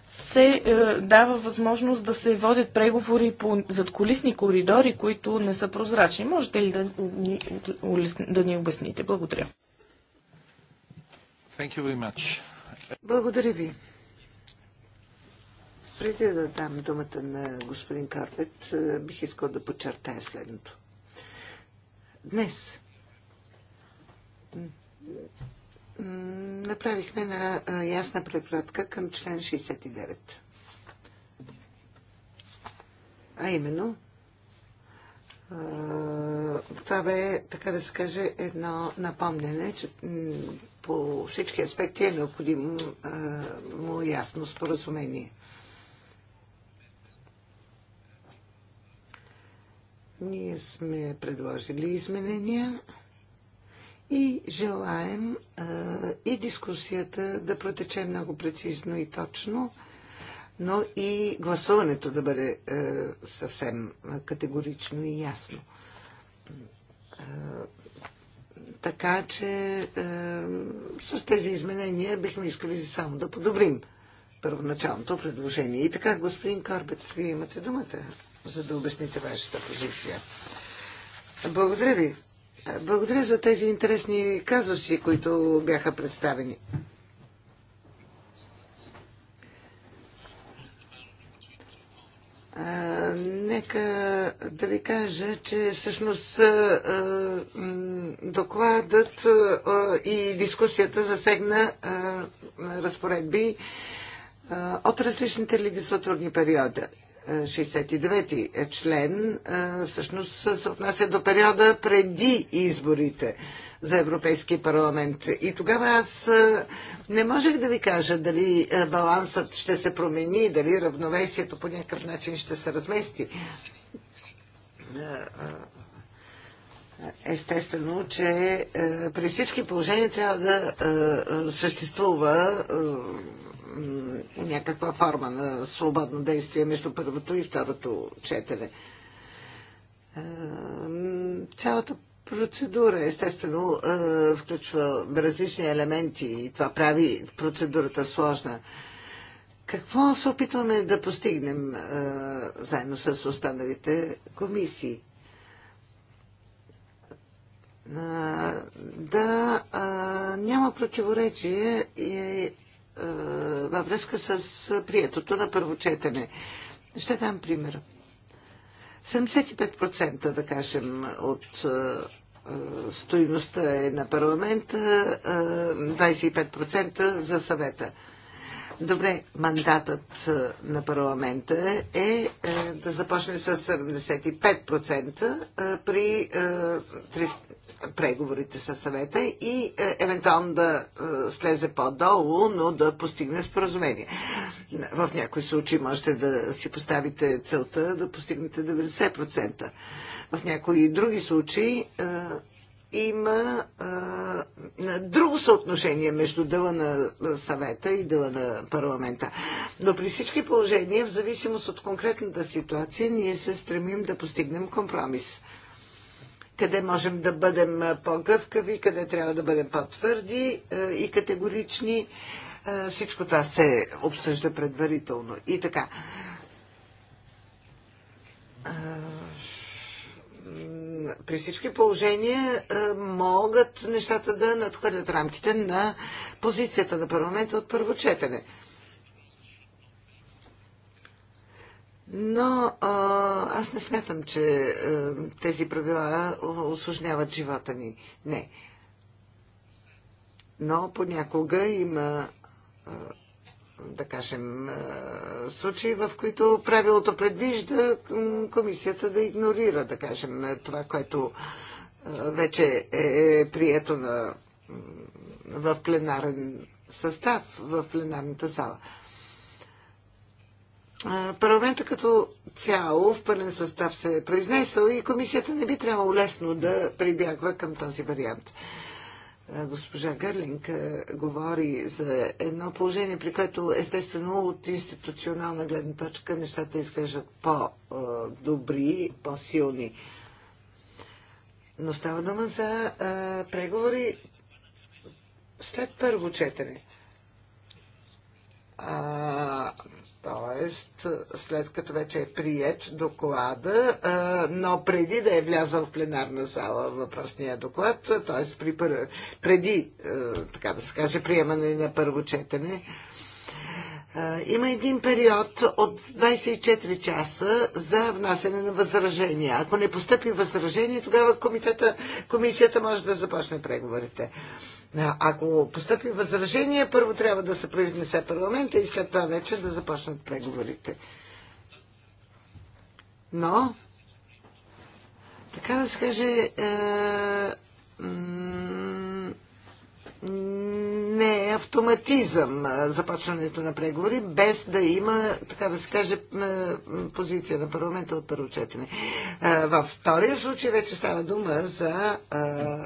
се е, дава възможност да се водят преговори по задколисни коридори, които не са прозрачни. Можете ли да, да ни обясните? Благодаря. Thank you very much. Благодаря ви. Преди да дам думата на господин Карпет, е, бих искал да подчертая следното. Днес направихме на ясна препратка към член 69. А именно, това бе, така да се каже, едно напомнене, че по всички аспекти е необходимо му ясно споразумение. Ние сме предложили изменения и желаем а, и дискусията да протече много прецизно и точно, но и гласуването да бъде а, съвсем категорично и ясно. А, така че а, с тези изменения бихме искали само да подобрим първоначалното предложение. И така, господин Корбет, вие имате думата, за да обясните вашата позиция. Благодаря ви, благодаря за тези интересни казуси, които бяха представени. А, нека да ви кажа, че всъщност а, а, докладът а, и дискусията засегна разпоредби от различните легислатурни периода. 69-ти член всъщност се отнася до периода преди изборите за Европейски парламент. И тогава аз не можех да ви кажа дали балансът ще се промени, дали равновесието по някакъв начин ще се размести. Естествено, че при всички положения трябва да съществува някаква форма на свободно действие между първото и второто четене. Цялата процедура, естествено, включва различни елементи и това прави процедурата сложна. Какво се опитваме да постигнем заедно с останалите комисии? да а, няма противоречие и е, във връзка с приетото на първо четене. Ще дам пример. 75% да кажем от е, е, стоиността е на парламента, 25% за съвета. Добре, мандатът е, на парламента е, е да започне с 75% е, при преговорите със съвета и евентуално да слезе по-долу, но да постигне споразумение. В някои случаи можете да си поставите целта да постигнете 90%. В някои други случаи има а, друго съотношение между дела на съвета и дела на парламента. Но при всички положения, в зависимост от конкретната ситуация, ние се стремим да постигнем компромис. Къде можем да бъдем по-гъвкави, къде трябва да бъдем по-твърди и категорични. А, всичко това се обсъжда предварително. И така. А, при всички положения е, могат нещата да надхвърлят рамките на позицията на парламента от първо четене. Но аз не смятам, че е, тези правила осложняват живота ни. Не. Но понякога има е, да кажем, случаи, в които правилото предвижда комисията да игнорира, да кажем, това, което вече е, е прието на, в пленарен състав, в пленарната зала. Парламента като цяло в пълен състав се е произнесъл и комисията не би трябвало лесно да прибягва към този вариант госпожа Гърлинг говори за едно положение, при което естествено от институционална гледна точка нещата изглеждат по-добри, по-силни. Но става дума за преговори след първо четене. А, Тоест, след като вече е прият доклада, но преди да е влязъл в пленарна зала въпросния доклад, т.е. При, преди, така да се каже, приемане на първо четене, има един период от 24 часа за внасене на възражения. Ако не постъпи възражение, тогава комитета, комисията може да започне преговорите. Ако постъпи възражение, първо трябва да се произнесе парламента и след това вече да започнат преговорите. Но, така да се каже, е, не е автоматизъм започването на преговори, без да има, така да се каже, позиция на парламента от първо четене. Във втория случай вече става дума за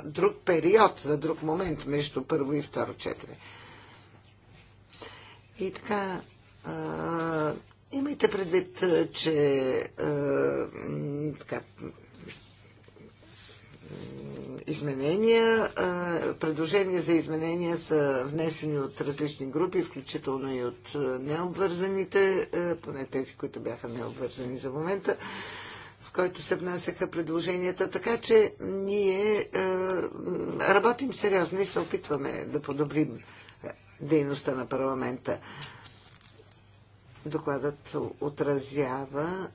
друг период, за друг момент между първо и второ четене. И така, имайте предвид, че така, изменения. Предложения за изменения са внесени от различни групи, включително и от необвързаните, поне тези, които бяха необвързани за момента, в който се внасяха предложенията. Така че ние работим сериозно и се опитваме да подобрим дейността на парламента. Докладът отразява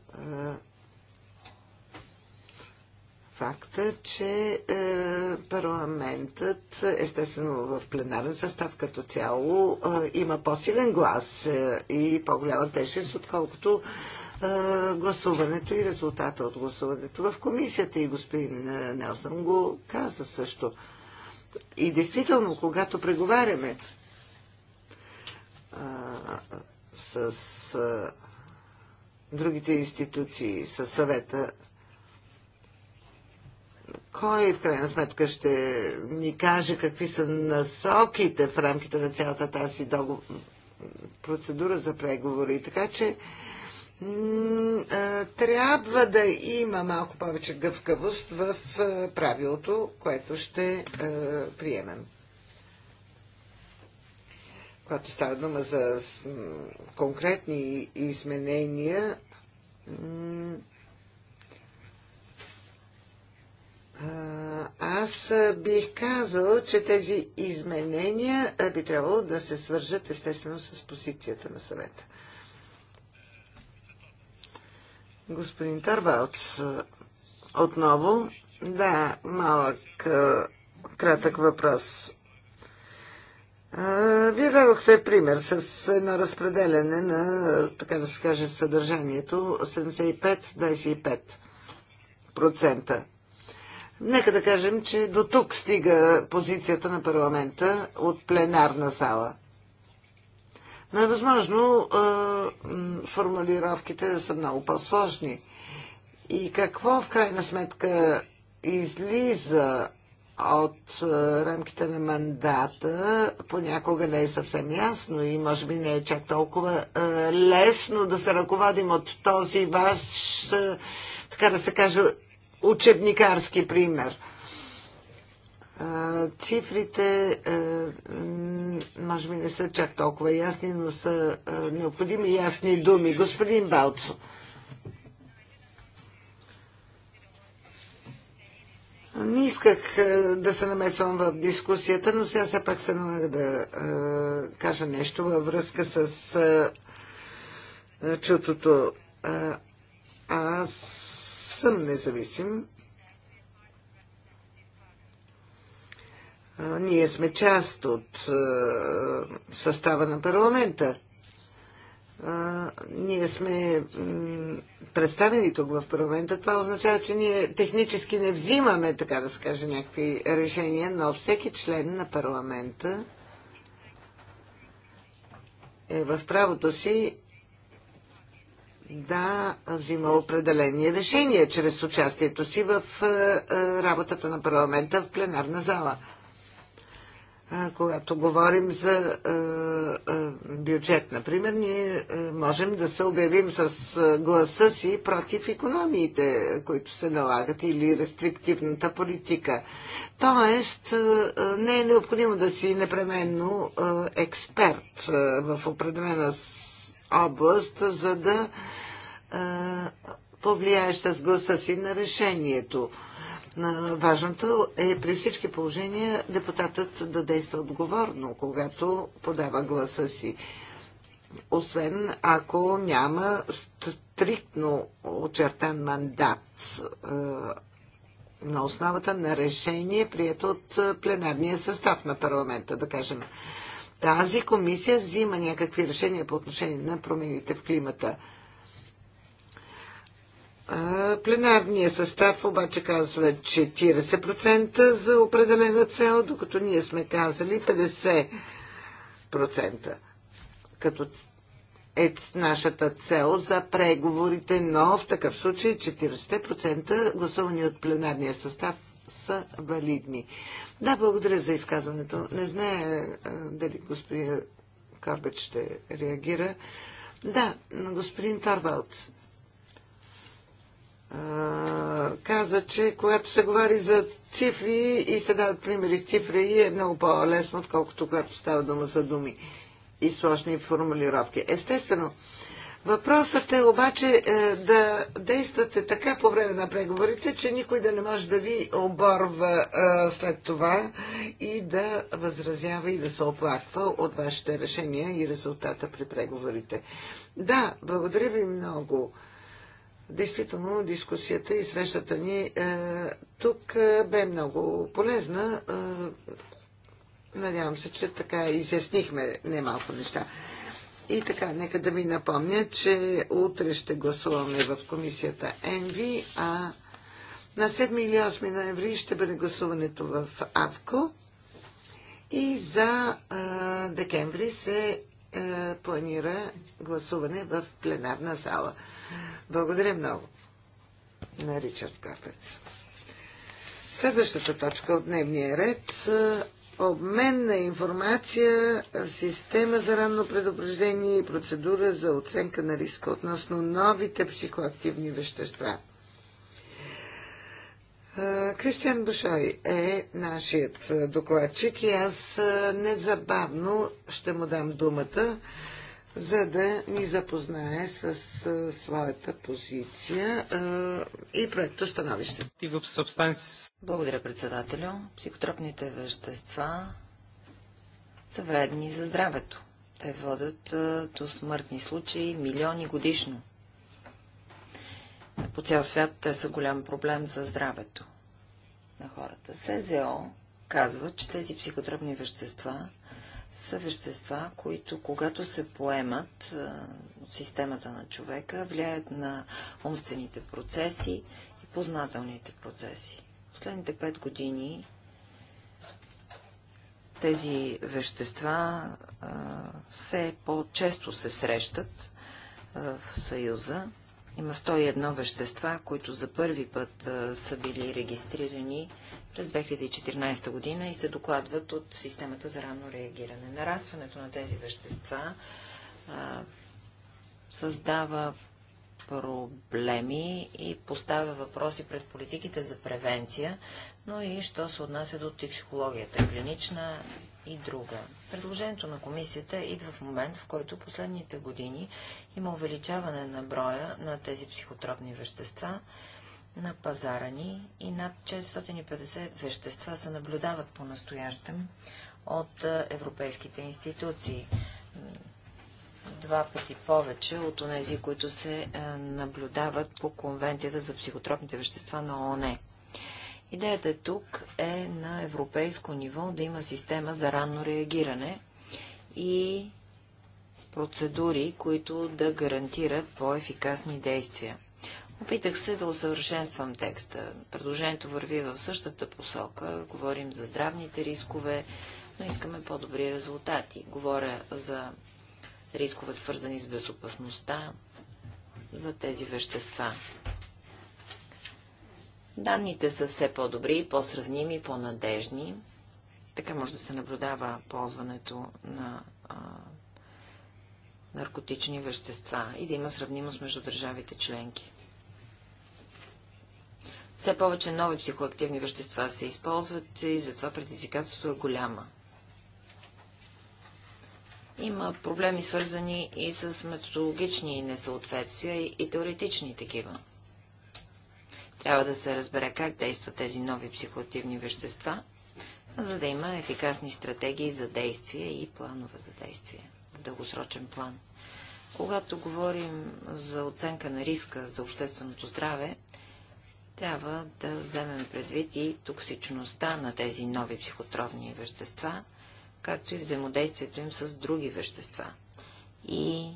факта, че е, парламентът, естествено в пленарен състав като цяло, е, има по-силен глас е, и по-голяма тежест, отколкото е, гласуването и резултата от гласуването. В комисията и господин е, Нелсън го каза също. И действително, когато преговаряме е, с е, другите институции, с съвета, кой в крайна сметка ще ни каже какви са насоките в рамките на цялата тази процедура за преговори. Така че трябва да има малко повече гъвкавост в правилото, което ще приемем. Когато става дума за конкретни изменения, Аз бих казал, че тези изменения би трябвало да се свържат естествено с позицията на съвета. Господин Тарвалц, отново, да, малък, кратък въпрос. Вие дадохте пример с едно разпределяне на, така да се каже, съдържанието 75-25%. Нека да кажем, че до тук стига позицията на парламента от пленарна сала. Но е възможно формулировките да са много по-сложни. И какво в крайна сметка излиза от рамките на мандата понякога не е съвсем ясно и може би не е чак толкова лесно да се ръководим от този ваш, така да се каже, учебникарски пример. Цифрите може би не са чак толкова ясни, но са необходими ясни думи. Господин Балцо. Не исках да се намесвам в дискусията, но сега все пак се налага да кажа нещо във връзка с чутото. Аз съм независим. Ние сме част от състава на парламента. Ние сме представени тук в парламента. Това означава, че ние технически не взимаме, така да се каже, някакви решения, но всеки член на парламента е в правото си да взима определени решения чрез участието си в е, е, работата на парламента в пленарна зала. Е, когато говорим за бюджет, например, ние можем да се обявим с гласа си против економиите, които се налагат или рестриктивната политика. Тоест, не е необходимо да си непременно експерт в определена област, за да повлияеш с гласа си на решението. Важното е при всички положения депутатът да действа отговорно, когато подава гласа си. Освен ако няма стриктно очертан мандат на основата на решение, прието от пленарния състав на парламента, да кажем тази комисия взима някакви решения по отношение на промените в климата. Пленарният състав обаче казва 40% за определена цел, докато ние сме казали 50% като е нашата цел за преговорите, но в такъв случай 40% гласувани от пленарния състав са валидни. Да, благодаря за изказването. Не знае дали господин Карбет ще реагира. Да, господин Тарвалц е, каза, че когато се говори за цифри и се дават примери с цифри, е много по-лесно, отколкото когато става дума за думи и сложни формулировки. Естествено, Въпросът е обаче е, да действате така по време на преговорите, че никой да не може да ви оборва е, след това и да възразява и да се оплаква от вашите решения и резултата при преговорите. Да, благодаря ви много. Действително, дискусията и срещата ни е, тук е, бе много полезна. Е, надявам се, че така изяснихме немалко неща. И така, нека да ви напомня, че утре ще гласуваме в комисията ЕНВИ, а на 7 или 8 ноември ще бъде гласуването в АВКО. И за а, декември се а, планира гласуване в пленарна зала. Благодаря много на Ричард Карпец. Следващата точка от дневния ред обмен на информация, система за ранно предупреждение и процедура за оценка на риска относно новите психоактивни вещества. Кристиан Бушой е нашият докладчик и аз незабавно ще му дам думата за да ни запознае с своята позиция и проекта становище. Благодаря, председателю. Психотропните вещества са вредни за здравето. Те водят до смъртни случаи милиони годишно. По цял свят те са голям проблем за здравето на хората. СЗО е казва, че тези психотропни вещества са вещества, които, когато се поемат от системата на човека, влияят на умствените процеси и познателните процеси. Последните пет години тези вещества все по-често се срещат в Съюза. Има 101 вещества, които за първи път са били регистрирани през 2014 година и се докладват от системата за ранно реагиране. Нарастването на тези вещества а, създава проблеми и поставя въпроси пред политиките за превенция, но и що се отнася до психологията, клинична и друга. Предложението на комисията идва в момент, в който последните години има увеличаване на броя на тези психотропни вещества, на пазара ни и над 450 вещества се наблюдават по-настоящем от е, европейските институции. Два пъти повече от тези, които се е, наблюдават по Конвенцията за психотропните вещества на ООН. Идеята тук е на европейско ниво да има система за ранно реагиране и процедури, които да гарантират по-ефикасни действия. Опитах се да усъвършенствам текста. Предложението върви в същата посока. Говорим за здравните рискове, но искаме по-добри резултати. Говоря за рискове, свързани с безопасността, за тези вещества. Данните са все по-добри, по-сравними, по-надежни. Така може да се наблюдава ползването на а, наркотични вещества и да има сравнимост между държавите членки. Все повече нови психоактивни вещества се използват и затова предизвикателството е голяма. Има проблеми свързани и с методологични несъответствия и теоретични такива. Трябва да се разбере как действат тези нови психоактивни вещества, за да има ефикасни стратегии за действие и планове за действие в дългосрочен план. Когато говорим за оценка на риска за общественото здраве, трябва да вземем предвид и токсичността на тези нови психотровни вещества, както и взаимодействието им с други вещества и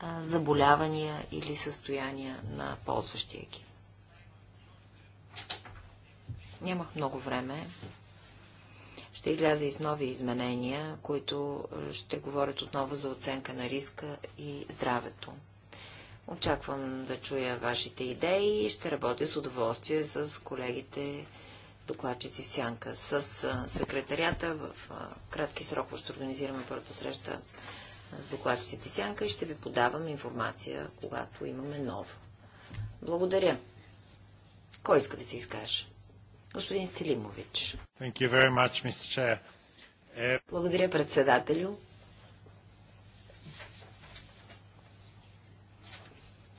а, заболявания или състояния на ползващия ги. Нямах много време. Ще изляза и с нови изменения, които ще говорят отново за оценка на риска и здравето. Очаквам да чуя вашите идеи и ще работя с удоволствие с колегите докладчици в Сянка. С секретарята в кратки срокове ще организираме първата среща с докладчиците Сянка и ще ви подавам информация, когато имаме ново. Благодаря. Кой иска да се изкаже? Господин Селимович. Е, Благодаря, председателю.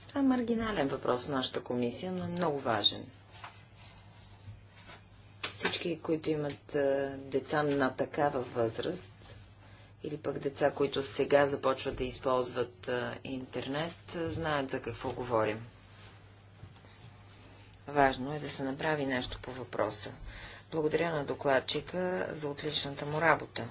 Това е маргинален въпрос в нашата комисия, но е много важен. Всички, които имат деца на такава възраст, или пък деца, които сега започват да използват интернет, знаят за какво говорим. Важно е да се направи нещо по въпроса. Благодаря на докладчика за отличната му работа.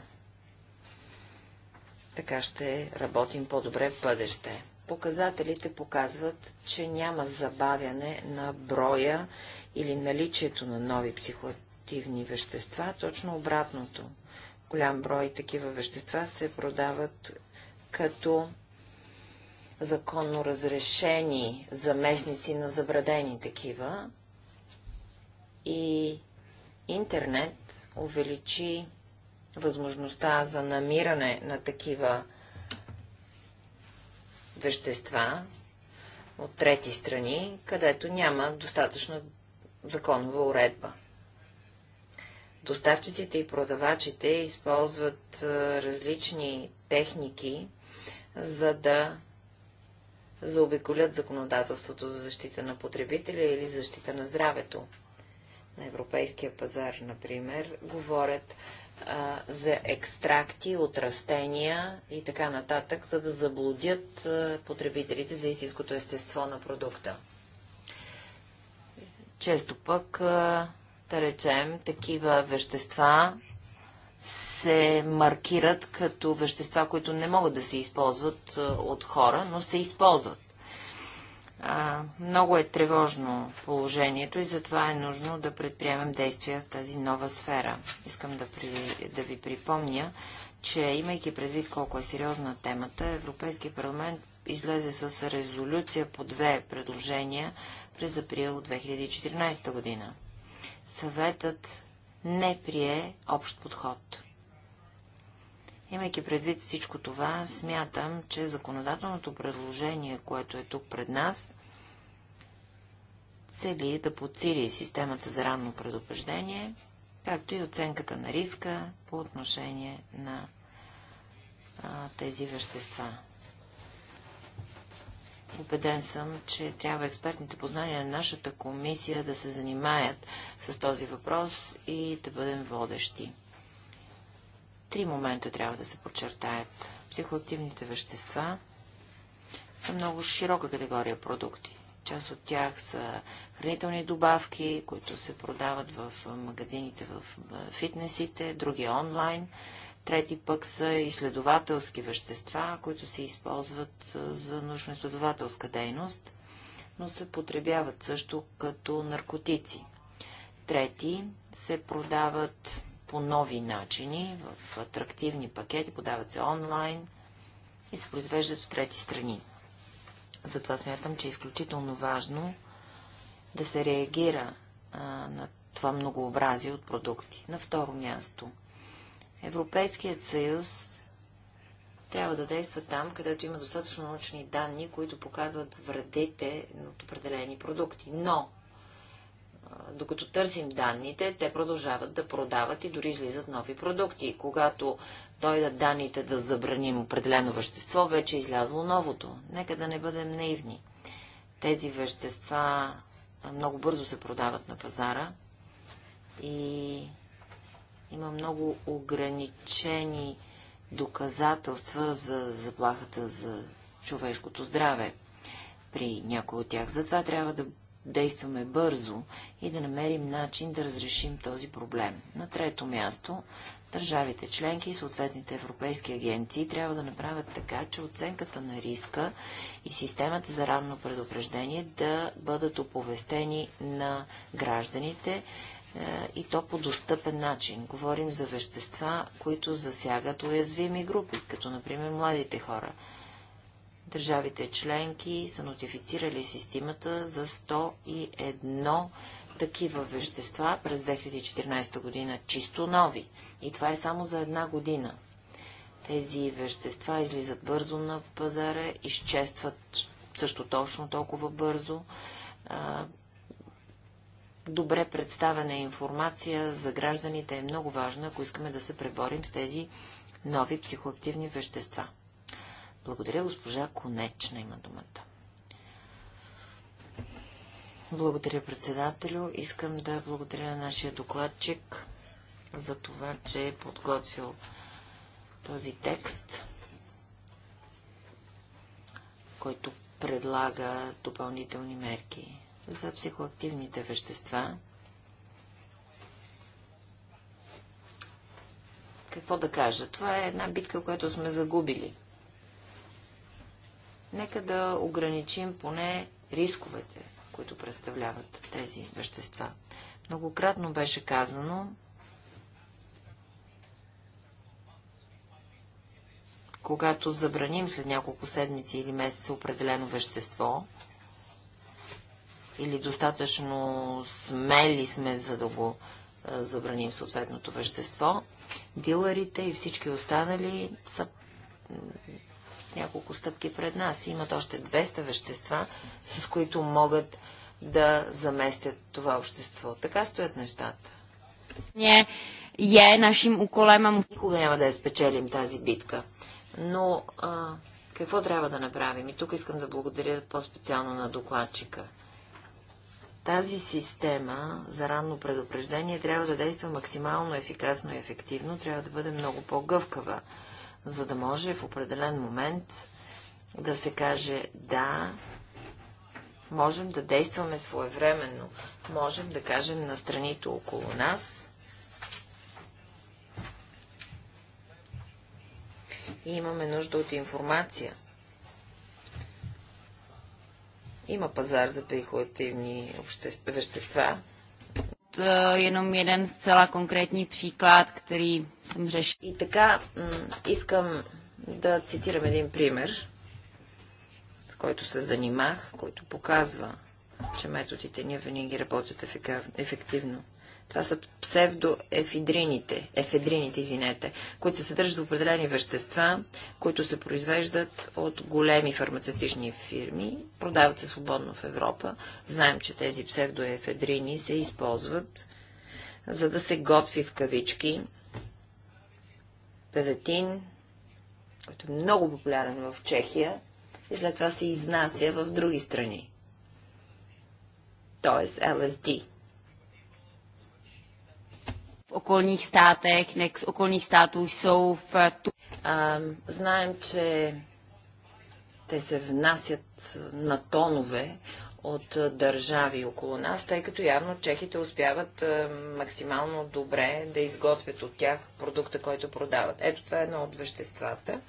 Така ще работим по-добре в бъдеще показателите показват, че няма забавяне на броя или наличието на нови психоактивни вещества, точно обратното. Голям брой такива вещества се продават като законно разрешени заместници на забрадени такива и интернет увеличи възможността за намиране на такива вещества от трети страни, където няма достатъчно законова уредба. Доставчиците и продавачите използват различни техники, за да заобиколят законодателството за защита на потребителя или защита на здравето. На европейския пазар, например, говорят за екстракти от растения и така нататък, за да заблудят потребителите за истинското естество на продукта. Често пък, да речем, такива вещества се маркират като вещества, които не могат да се използват от хора, но се използват. А, много е тревожно положението и затова е нужно да предприемем действия в тази нова сфера. Искам да, при, да ви припомня, че имайки предвид колко е сериозна темата, Европейския парламент излезе с резолюция по две предложения през април 2014 година. Съветът не прие общ подход. Имайки предвид всичко това, смятам, че законодателното предложение, което е тук пред нас, цели да подсили системата за ранно предупреждение, както и оценката на риска по отношение на а, тези вещества. Убеден съм, че трябва експертните познания на нашата комисия да се занимаят с този въпрос и да бъдем водещи. Три момента трябва да се подчертаят. Психоактивните вещества са много широка категория продукти. Част от тях са хранителни добавки, които се продават в магазините, в фитнесите, други онлайн. Трети пък са изследователски вещества, които се използват за научно-изследователска дейност, но се потребяват също като наркотици. Трети се продават по нови начини, в атрактивни пакети, подават се онлайн и се произвеждат в трети страни. Затова смятам, че е изключително важно да се реагира а, на това многообразие от продукти. На второ място, Европейският съюз трябва да действа там, където има достатъчно научни данни, които показват вредите от определени продукти. Но докато търсим данните, те продължават да продават и дори излизат нови продукти. Когато дойдат данните да забраним определено вещество, вече е излязло новото. Нека да не бъдем наивни. Тези вещества много бързо се продават на пазара и има много ограничени доказателства за заплахата за човешкото здраве при някои от тях. Затова трябва да действаме бързо и да намерим начин да разрешим този проблем. На трето място, държавите членки и съответните европейски агенции трябва да направят така, че оценката на риска и системата за ранно предупреждение да бъдат оповестени на гражданите е, и то по достъпен начин. Говорим за вещества, които засягат уязвими групи, като например младите хора. Държавите членки са нотифицирали системата за 101 такива вещества през 2014 година, чисто нови. И това е само за една година. Тези вещества излизат бързо на пазара, изчестват също точно толкова бързо. добре представена информация за гражданите е много важна, ако искаме да се преборим с тези нови психоактивни вещества. Благодаря, госпожа Конечна има думата. Благодаря, председателю. Искам да благодаря на нашия докладчик за това, че е подготвил този текст, който предлага допълнителни мерки за психоактивните вещества. Какво да кажа? Това е една битка, която сме загубили – нека да ограничим поне рисковете, които представляват тези вещества. Многократно беше казано, когато забраним след няколко седмици или месеца определено вещество, или достатъчно смели сме, за да го забраним съответното вещество, дилърите и всички останали са няколко стъпки пред нас. Имат още 200 вещества, с които могат да заместят това общество. Така стоят нещата. Не, е нашим уколем. Никога няма да я спечелим тази битка. Но а, какво трябва да направим? И тук искам да благодаря по-специално на докладчика. Тази система за ранно предупреждение трябва да действа максимално ефикасно и ефективно, трябва да бъде много по-гъвкава за да може в определен момент да се каже да, можем да действаме своевременно, можем да кажем на страните около нас. И имаме нужда от информация. Има пазар за пехотивни вещества, е, jenom jeden zcela konkrétní příklad, který jsem řešil. И така, hm, искам да цитирам един пример, с който се занимах, който показва, че методите ни винаги работят ефективно. Това са псевдоефедрините, ефедрините, извинете, които се съдържат в определени вещества, които се произвеждат от големи фармацевтични фирми, продават се свободно в Европа. Знаем, че тези псевдоефедрини се използват за да се готви в кавички певетин, който е много популярен в Чехия и след това се изнася в други страни. Тоест ЛСД v okolních státech, nek z okolních států jsou в... А, знаем, че те се внасят на тонове от държави около нас, тъй като явно чехите успяват е, максимално добре да изготвят от тях продукта, който продават. Ето това е едно от веществата.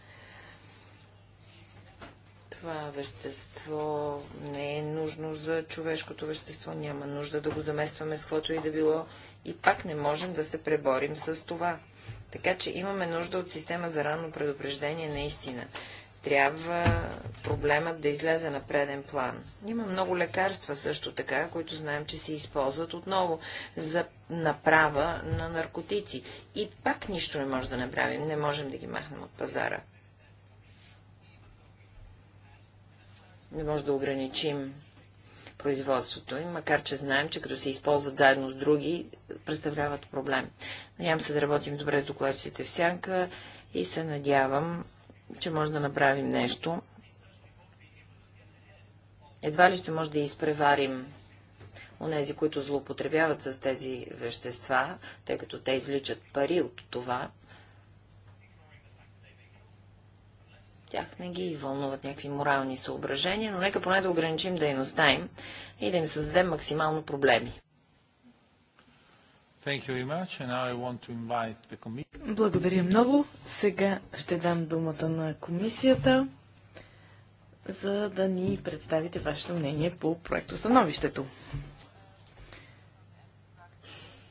Това вещество не е нужно за човешкото вещество, няма нужда да го заместваме с каквото и да било и пак не можем да се преборим с това. Така че имаме нужда от система за ранно предупреждение наистина. Трябва проблемът да излезе на преден план. Има много лекарства също така, които знаем, че се използват отново за направа на наркотици. И пак нищо не може да направим. Не можем да ги махнем от пазара. Не може да ограничим производството им, макар че знаем, че като се използват заедно с други, представляват проблем. Надявам се да работим добре с докладчиците в сянка и се надявам, че може да направим нещо. Едва ли ще може да изпреварим онези, които злоупотребяват с тези вещества, тъй като те извличат пари от това, Тях не ги вълнуват някакви морални съображения, но нека поне да ограничим дейността им и да им създадем максимално проблеми. Благодаря много. Сега ще дам думата на комисията, за да ни представите вашето мнение по проекто становището.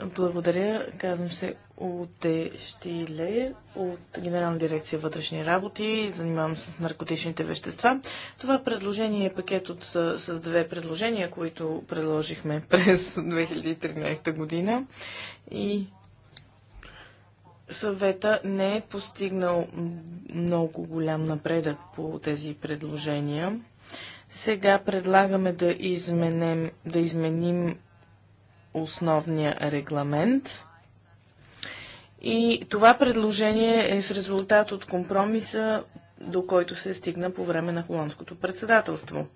Благодаря. Казвам се Уте Штиле от Генерална дирекция вътрешни работи. Занимавам се с наркотичните вещества. Това предложение е пакет от, с две предложения, които предложихме [laughs] през 2013 година. И съвета не е постигнал много голям напредък по тези предложения. Сега предлагаме да, изменем, да изменим основния регламент. И това предложение е в резултат от компромиса, до който се стигна по време на холандското председателство.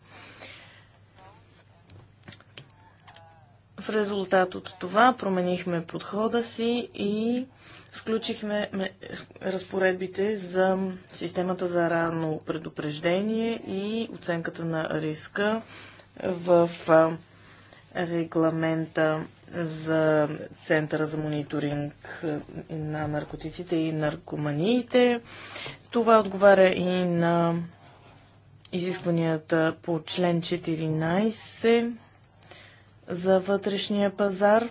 В резултат от това променихме подхода си и включихме разпоредбите за системата за ранно предупреждение и оценката на риска в регламента за Центъра за мониторинг на наркотиците и наркоманиите. Това отговаря и на изискванията по член 14 за вътрешния пазар.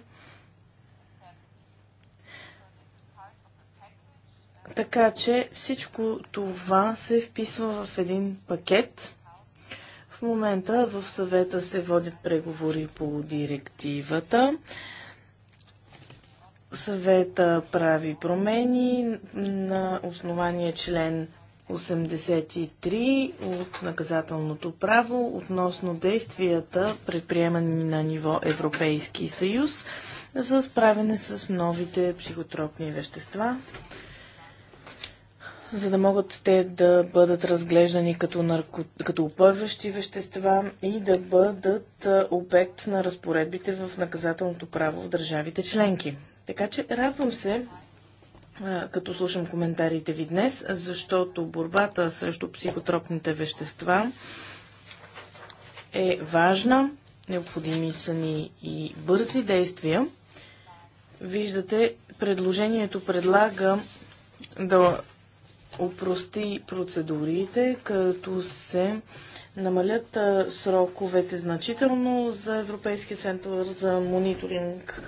Така че всичко това се вписва в един пакет в момента в съвета се водят преговори по директивата. Съвета прави промени на основание член 83 от наказателното право относно действията, предприемани на ниво Европейски съюз за справяне с новите психотропни вещества, за да могат те да бъдат разглеждани като, нарко... като упойващи вещества и да бъдат обект на разпоредбите в наказателното право в държавите членки. Така че радвам се, като слушам коментарите ви днес, защото борбата срещу психотропните вещества е важна, необходими са ни и бързи действия. Виждате, предложението предлага да опрости процедурите, като се намалят сроковете значително за Европейския център за мониторинг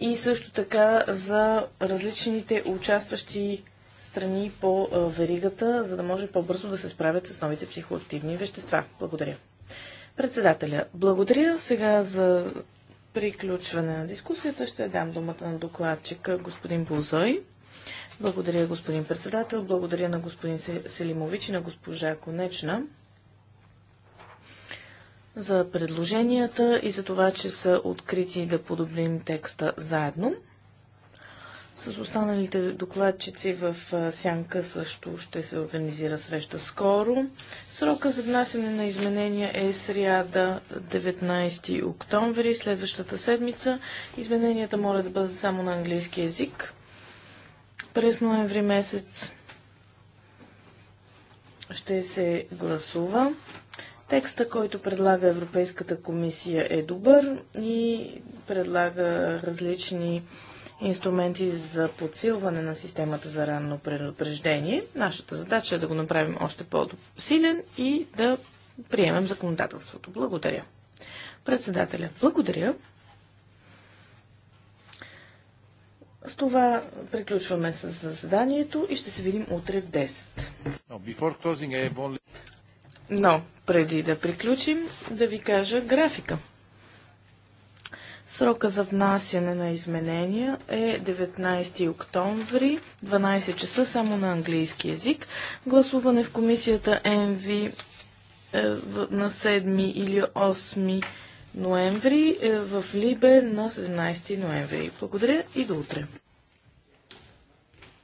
и също така за различните участващи страни по веригата, за да може по-бързо да се справят с новите психоактивни вещества. Благодаря. Председателя, благодаря сега за приключване на дискусията. Ще дам думата на докладчика господин Бузой. Благодаря, господин председател. Благодаря на господин Селимович и на госпожа Конечна за предложенията и за това, че са открити да подобрим текста заедно. С останалите докладчици в Сянка също ще се организира среща скоро. Срока за внасяне на изменения е сряда 19 октомври, следващата седмица. Измененията могат да бъдат само на английски язик. През ноември месец ще се гласува. Текста, който предлага Европейската комисия е добър и предлага различни инструменти за подсилване на системата за ранно предупреждение. Нашата задача е да го направим още по-силен и да приемем законодателството. Благодаря. Председателя, благодаря. С това приключваме с заседанието и ще се видим утре в 10. Но, преди да приключим, да ви кажа графика. Срока за внасяне на изменения е 19 октомври, 12 часа, само на английски язик. Гласуване в комисията МВ е, на 7 или 8 ноември, е, в Либе на 17 ноември. Благодаря и до утре.